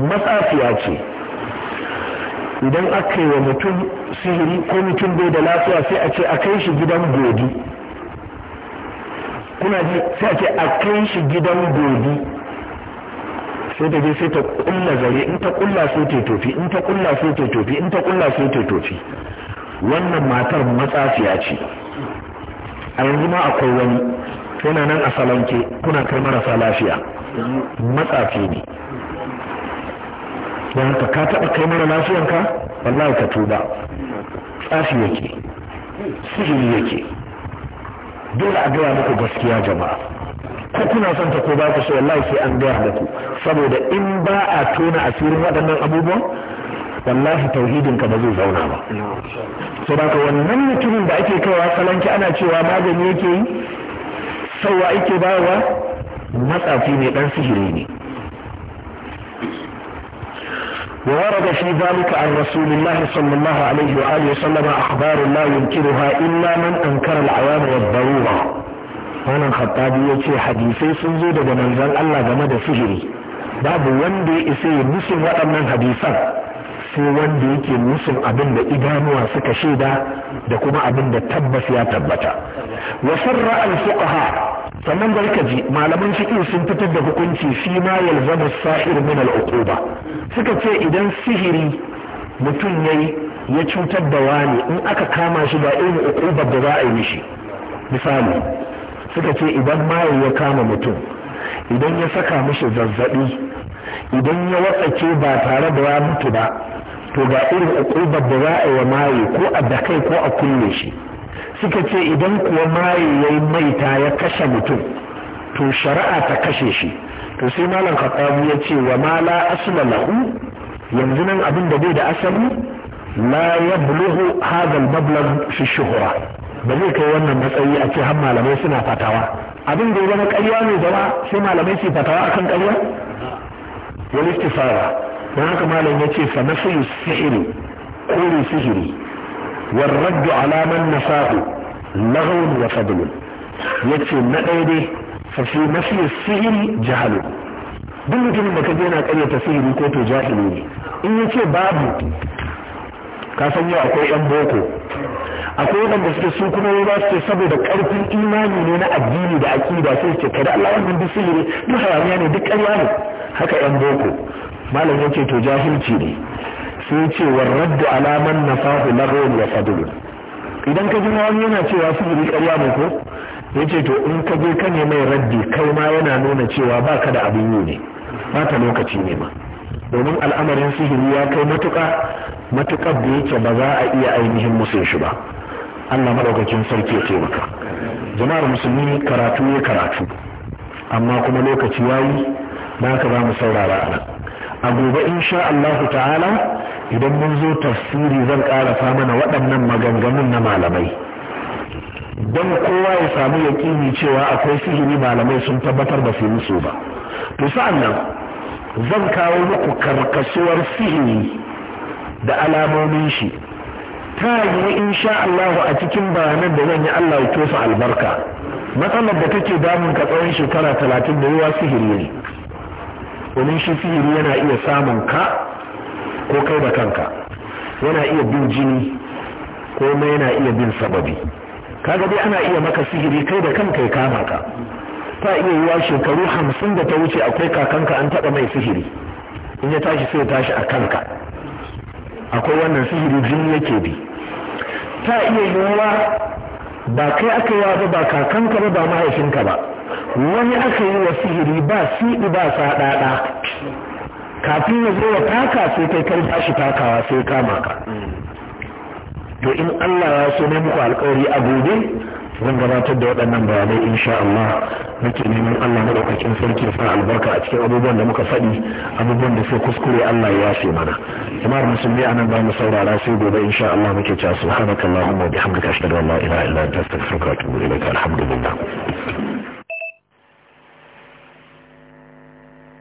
Speaker 1: matsafiya ce idan aka yi wa mutum sihiri ko mutum bai da lafiya sai a ce a kai shi gidan godi kuna ji sai a ce a kai shi gidan godi sai ta je sai ta kulla zare in ta kulla sai ta tofi in ta kulla sai ta tofi in ta kulla sai ta tofi wannan matar matsafiya ce a yanzu ma akwai wani yana nan a salanke kuna kai marasa lafiya matsafi ne don ka taɓa kai mara lafiyanka wallahi ka tuba tsafi yake sihiri yake dole a gaya muku gaskiya jama'a ko kuna son ta ko ba ku so wallahi sai an gaya muku saboda in ba a tona asirin waɗannan abubuwan wallahi tauhidin ka ba zai zauna ba so ka wannan mutumin da ake kaiwa salanki ana cewa magani yake yi sauwa ake bayarwa matsafi ne dan sihiri ne وورد في ذلك عن رسول الله صلى الله عليه وآله وسلم أخبار لا ينكرها إلا من أنكر العوام والضرورة wannan khattabi ya ce hadisai sun zo daga manzon Allah game da sihiri babu wanda ya isa ya musu waɗannan hadisan sai wanda yake musun abin da idanuwa suka shaida da kuma abin da tabbas ya tabbata wa sarra al fuqaha sannan barka ji malaman fiqh sun fitar da hukunci fi ma yalzamu sahir min al uquba suka ce idan sihiri mutum yayi ya cutar da wani in aka kama shi ba irin uqubar da za a yi mishi misali suka ce idan maye ya kama mutum idan ya saka mishi zazzabi idan ya watsake ba tare da ya mutu ba to ga irin uqubar da za a yi wa maye ko a dakai ko a kulle shi suka ce idan kuwa maye yayi maita ya kashe mutum to shari'a ta kashe shi to sai malam khattabu ya ce wa ma la asla lahu yanzu nan abin da bai da asali la ya buluhu al-mablagh fi ba zai kai wannan matsayi a ce har malamai suna fatawa abin da ya zama ƙarya ne zama sai malamai su fatawa akan ƙarya wal istifara don haka malam ya ce fa nafiyu sihiri kore sihiri war raddu alaman nasahu lahawun wa fadlun ya ce na ɗaya dai fa fi nafiyu sihiri jahalu duk mutumin da kaje yana karyata sihiri ko to jahili ne in ya ce babu ka san yau akwai yan boko
Speaker 2: akwai waɗanda suke su kuma ba su ce saboda ƙarfin
Speaker 1: imani ne na addini da aƙida sai su ce kada Allah wannan duk sihiri duk hayaniya ne duk ƙarya ne haka yan boko malam ya ce to jahilci ne sai ce alamar alaman nafahu lagawun wa fadlun idan ka ji wani yana cewa sihiri ƙarya ne ko ya ce to in ka je ka ne mai raddi kai ma yana nuna cewa ba ka da abin yi ne ba ta lokaci ne ma domin al'amarin sihiri ya kai matuƙa matuƙar da yake ba za a iya ainihin musu shi ba Allah madaukakin sarki ya taimaka jama'ar musulmi karatu ne karatu amma kuma lokaci yayi ba ka za mu saurara a nan a gobe insha Allahu ta'ala idan mun zo tafsiri zan ƙarasa mana waɗannan maganganun na malamai don kowa ya samu yaƙini cewa akwai sihiri malamai sun tabbatar ba su yi musu ba to sa'an nan zan kawo muku karkasuwar sihiri da alamomin shi ta yi insha Allah a cikin bayanan da zan yi Allah ya tofa albarka matsalar da take damun ka tsawon shekara talatin da yawa sihiri ne domin shi sihiri yana iya samun ka ko kai da kanka yana iya bin jini ko yana iya bin sababi kaga dai ana iya maka sihiri kai da kanka ya kama ka ta iya yiwa shekaru hamsin da ta wuce akwai kakanka an taɓa mai sihiri in ya tashi sai ya tashi a kanka akwai wannan sihiri jini yake bi ta iya yiwuwa ba kai aka yi ba ba kakanka ba ba mahaifinka ba wani aka yi wa sihiri ba siɗi ba saɗaɗa kafin ya zo wa taka sai kai kai ba shi takawa sai kama ka to in Allah ya so ne muku alƙawari a gobe zan gabatar da waɗannan bayanai insha Allah nake neman Allah ɗaukakin sarki sa albarka a cikin abubuwan da muka faɗi abubuwan da sai kuskure Allah ya yafe mana jama'ar musulmi anan ba mu saurara sai gobe insha Allah muke cewa subhanakallahumma wa bihamdika ashhadu an la ilaha illa anta astaghfiruka wa atubu ilaik alhamdulillah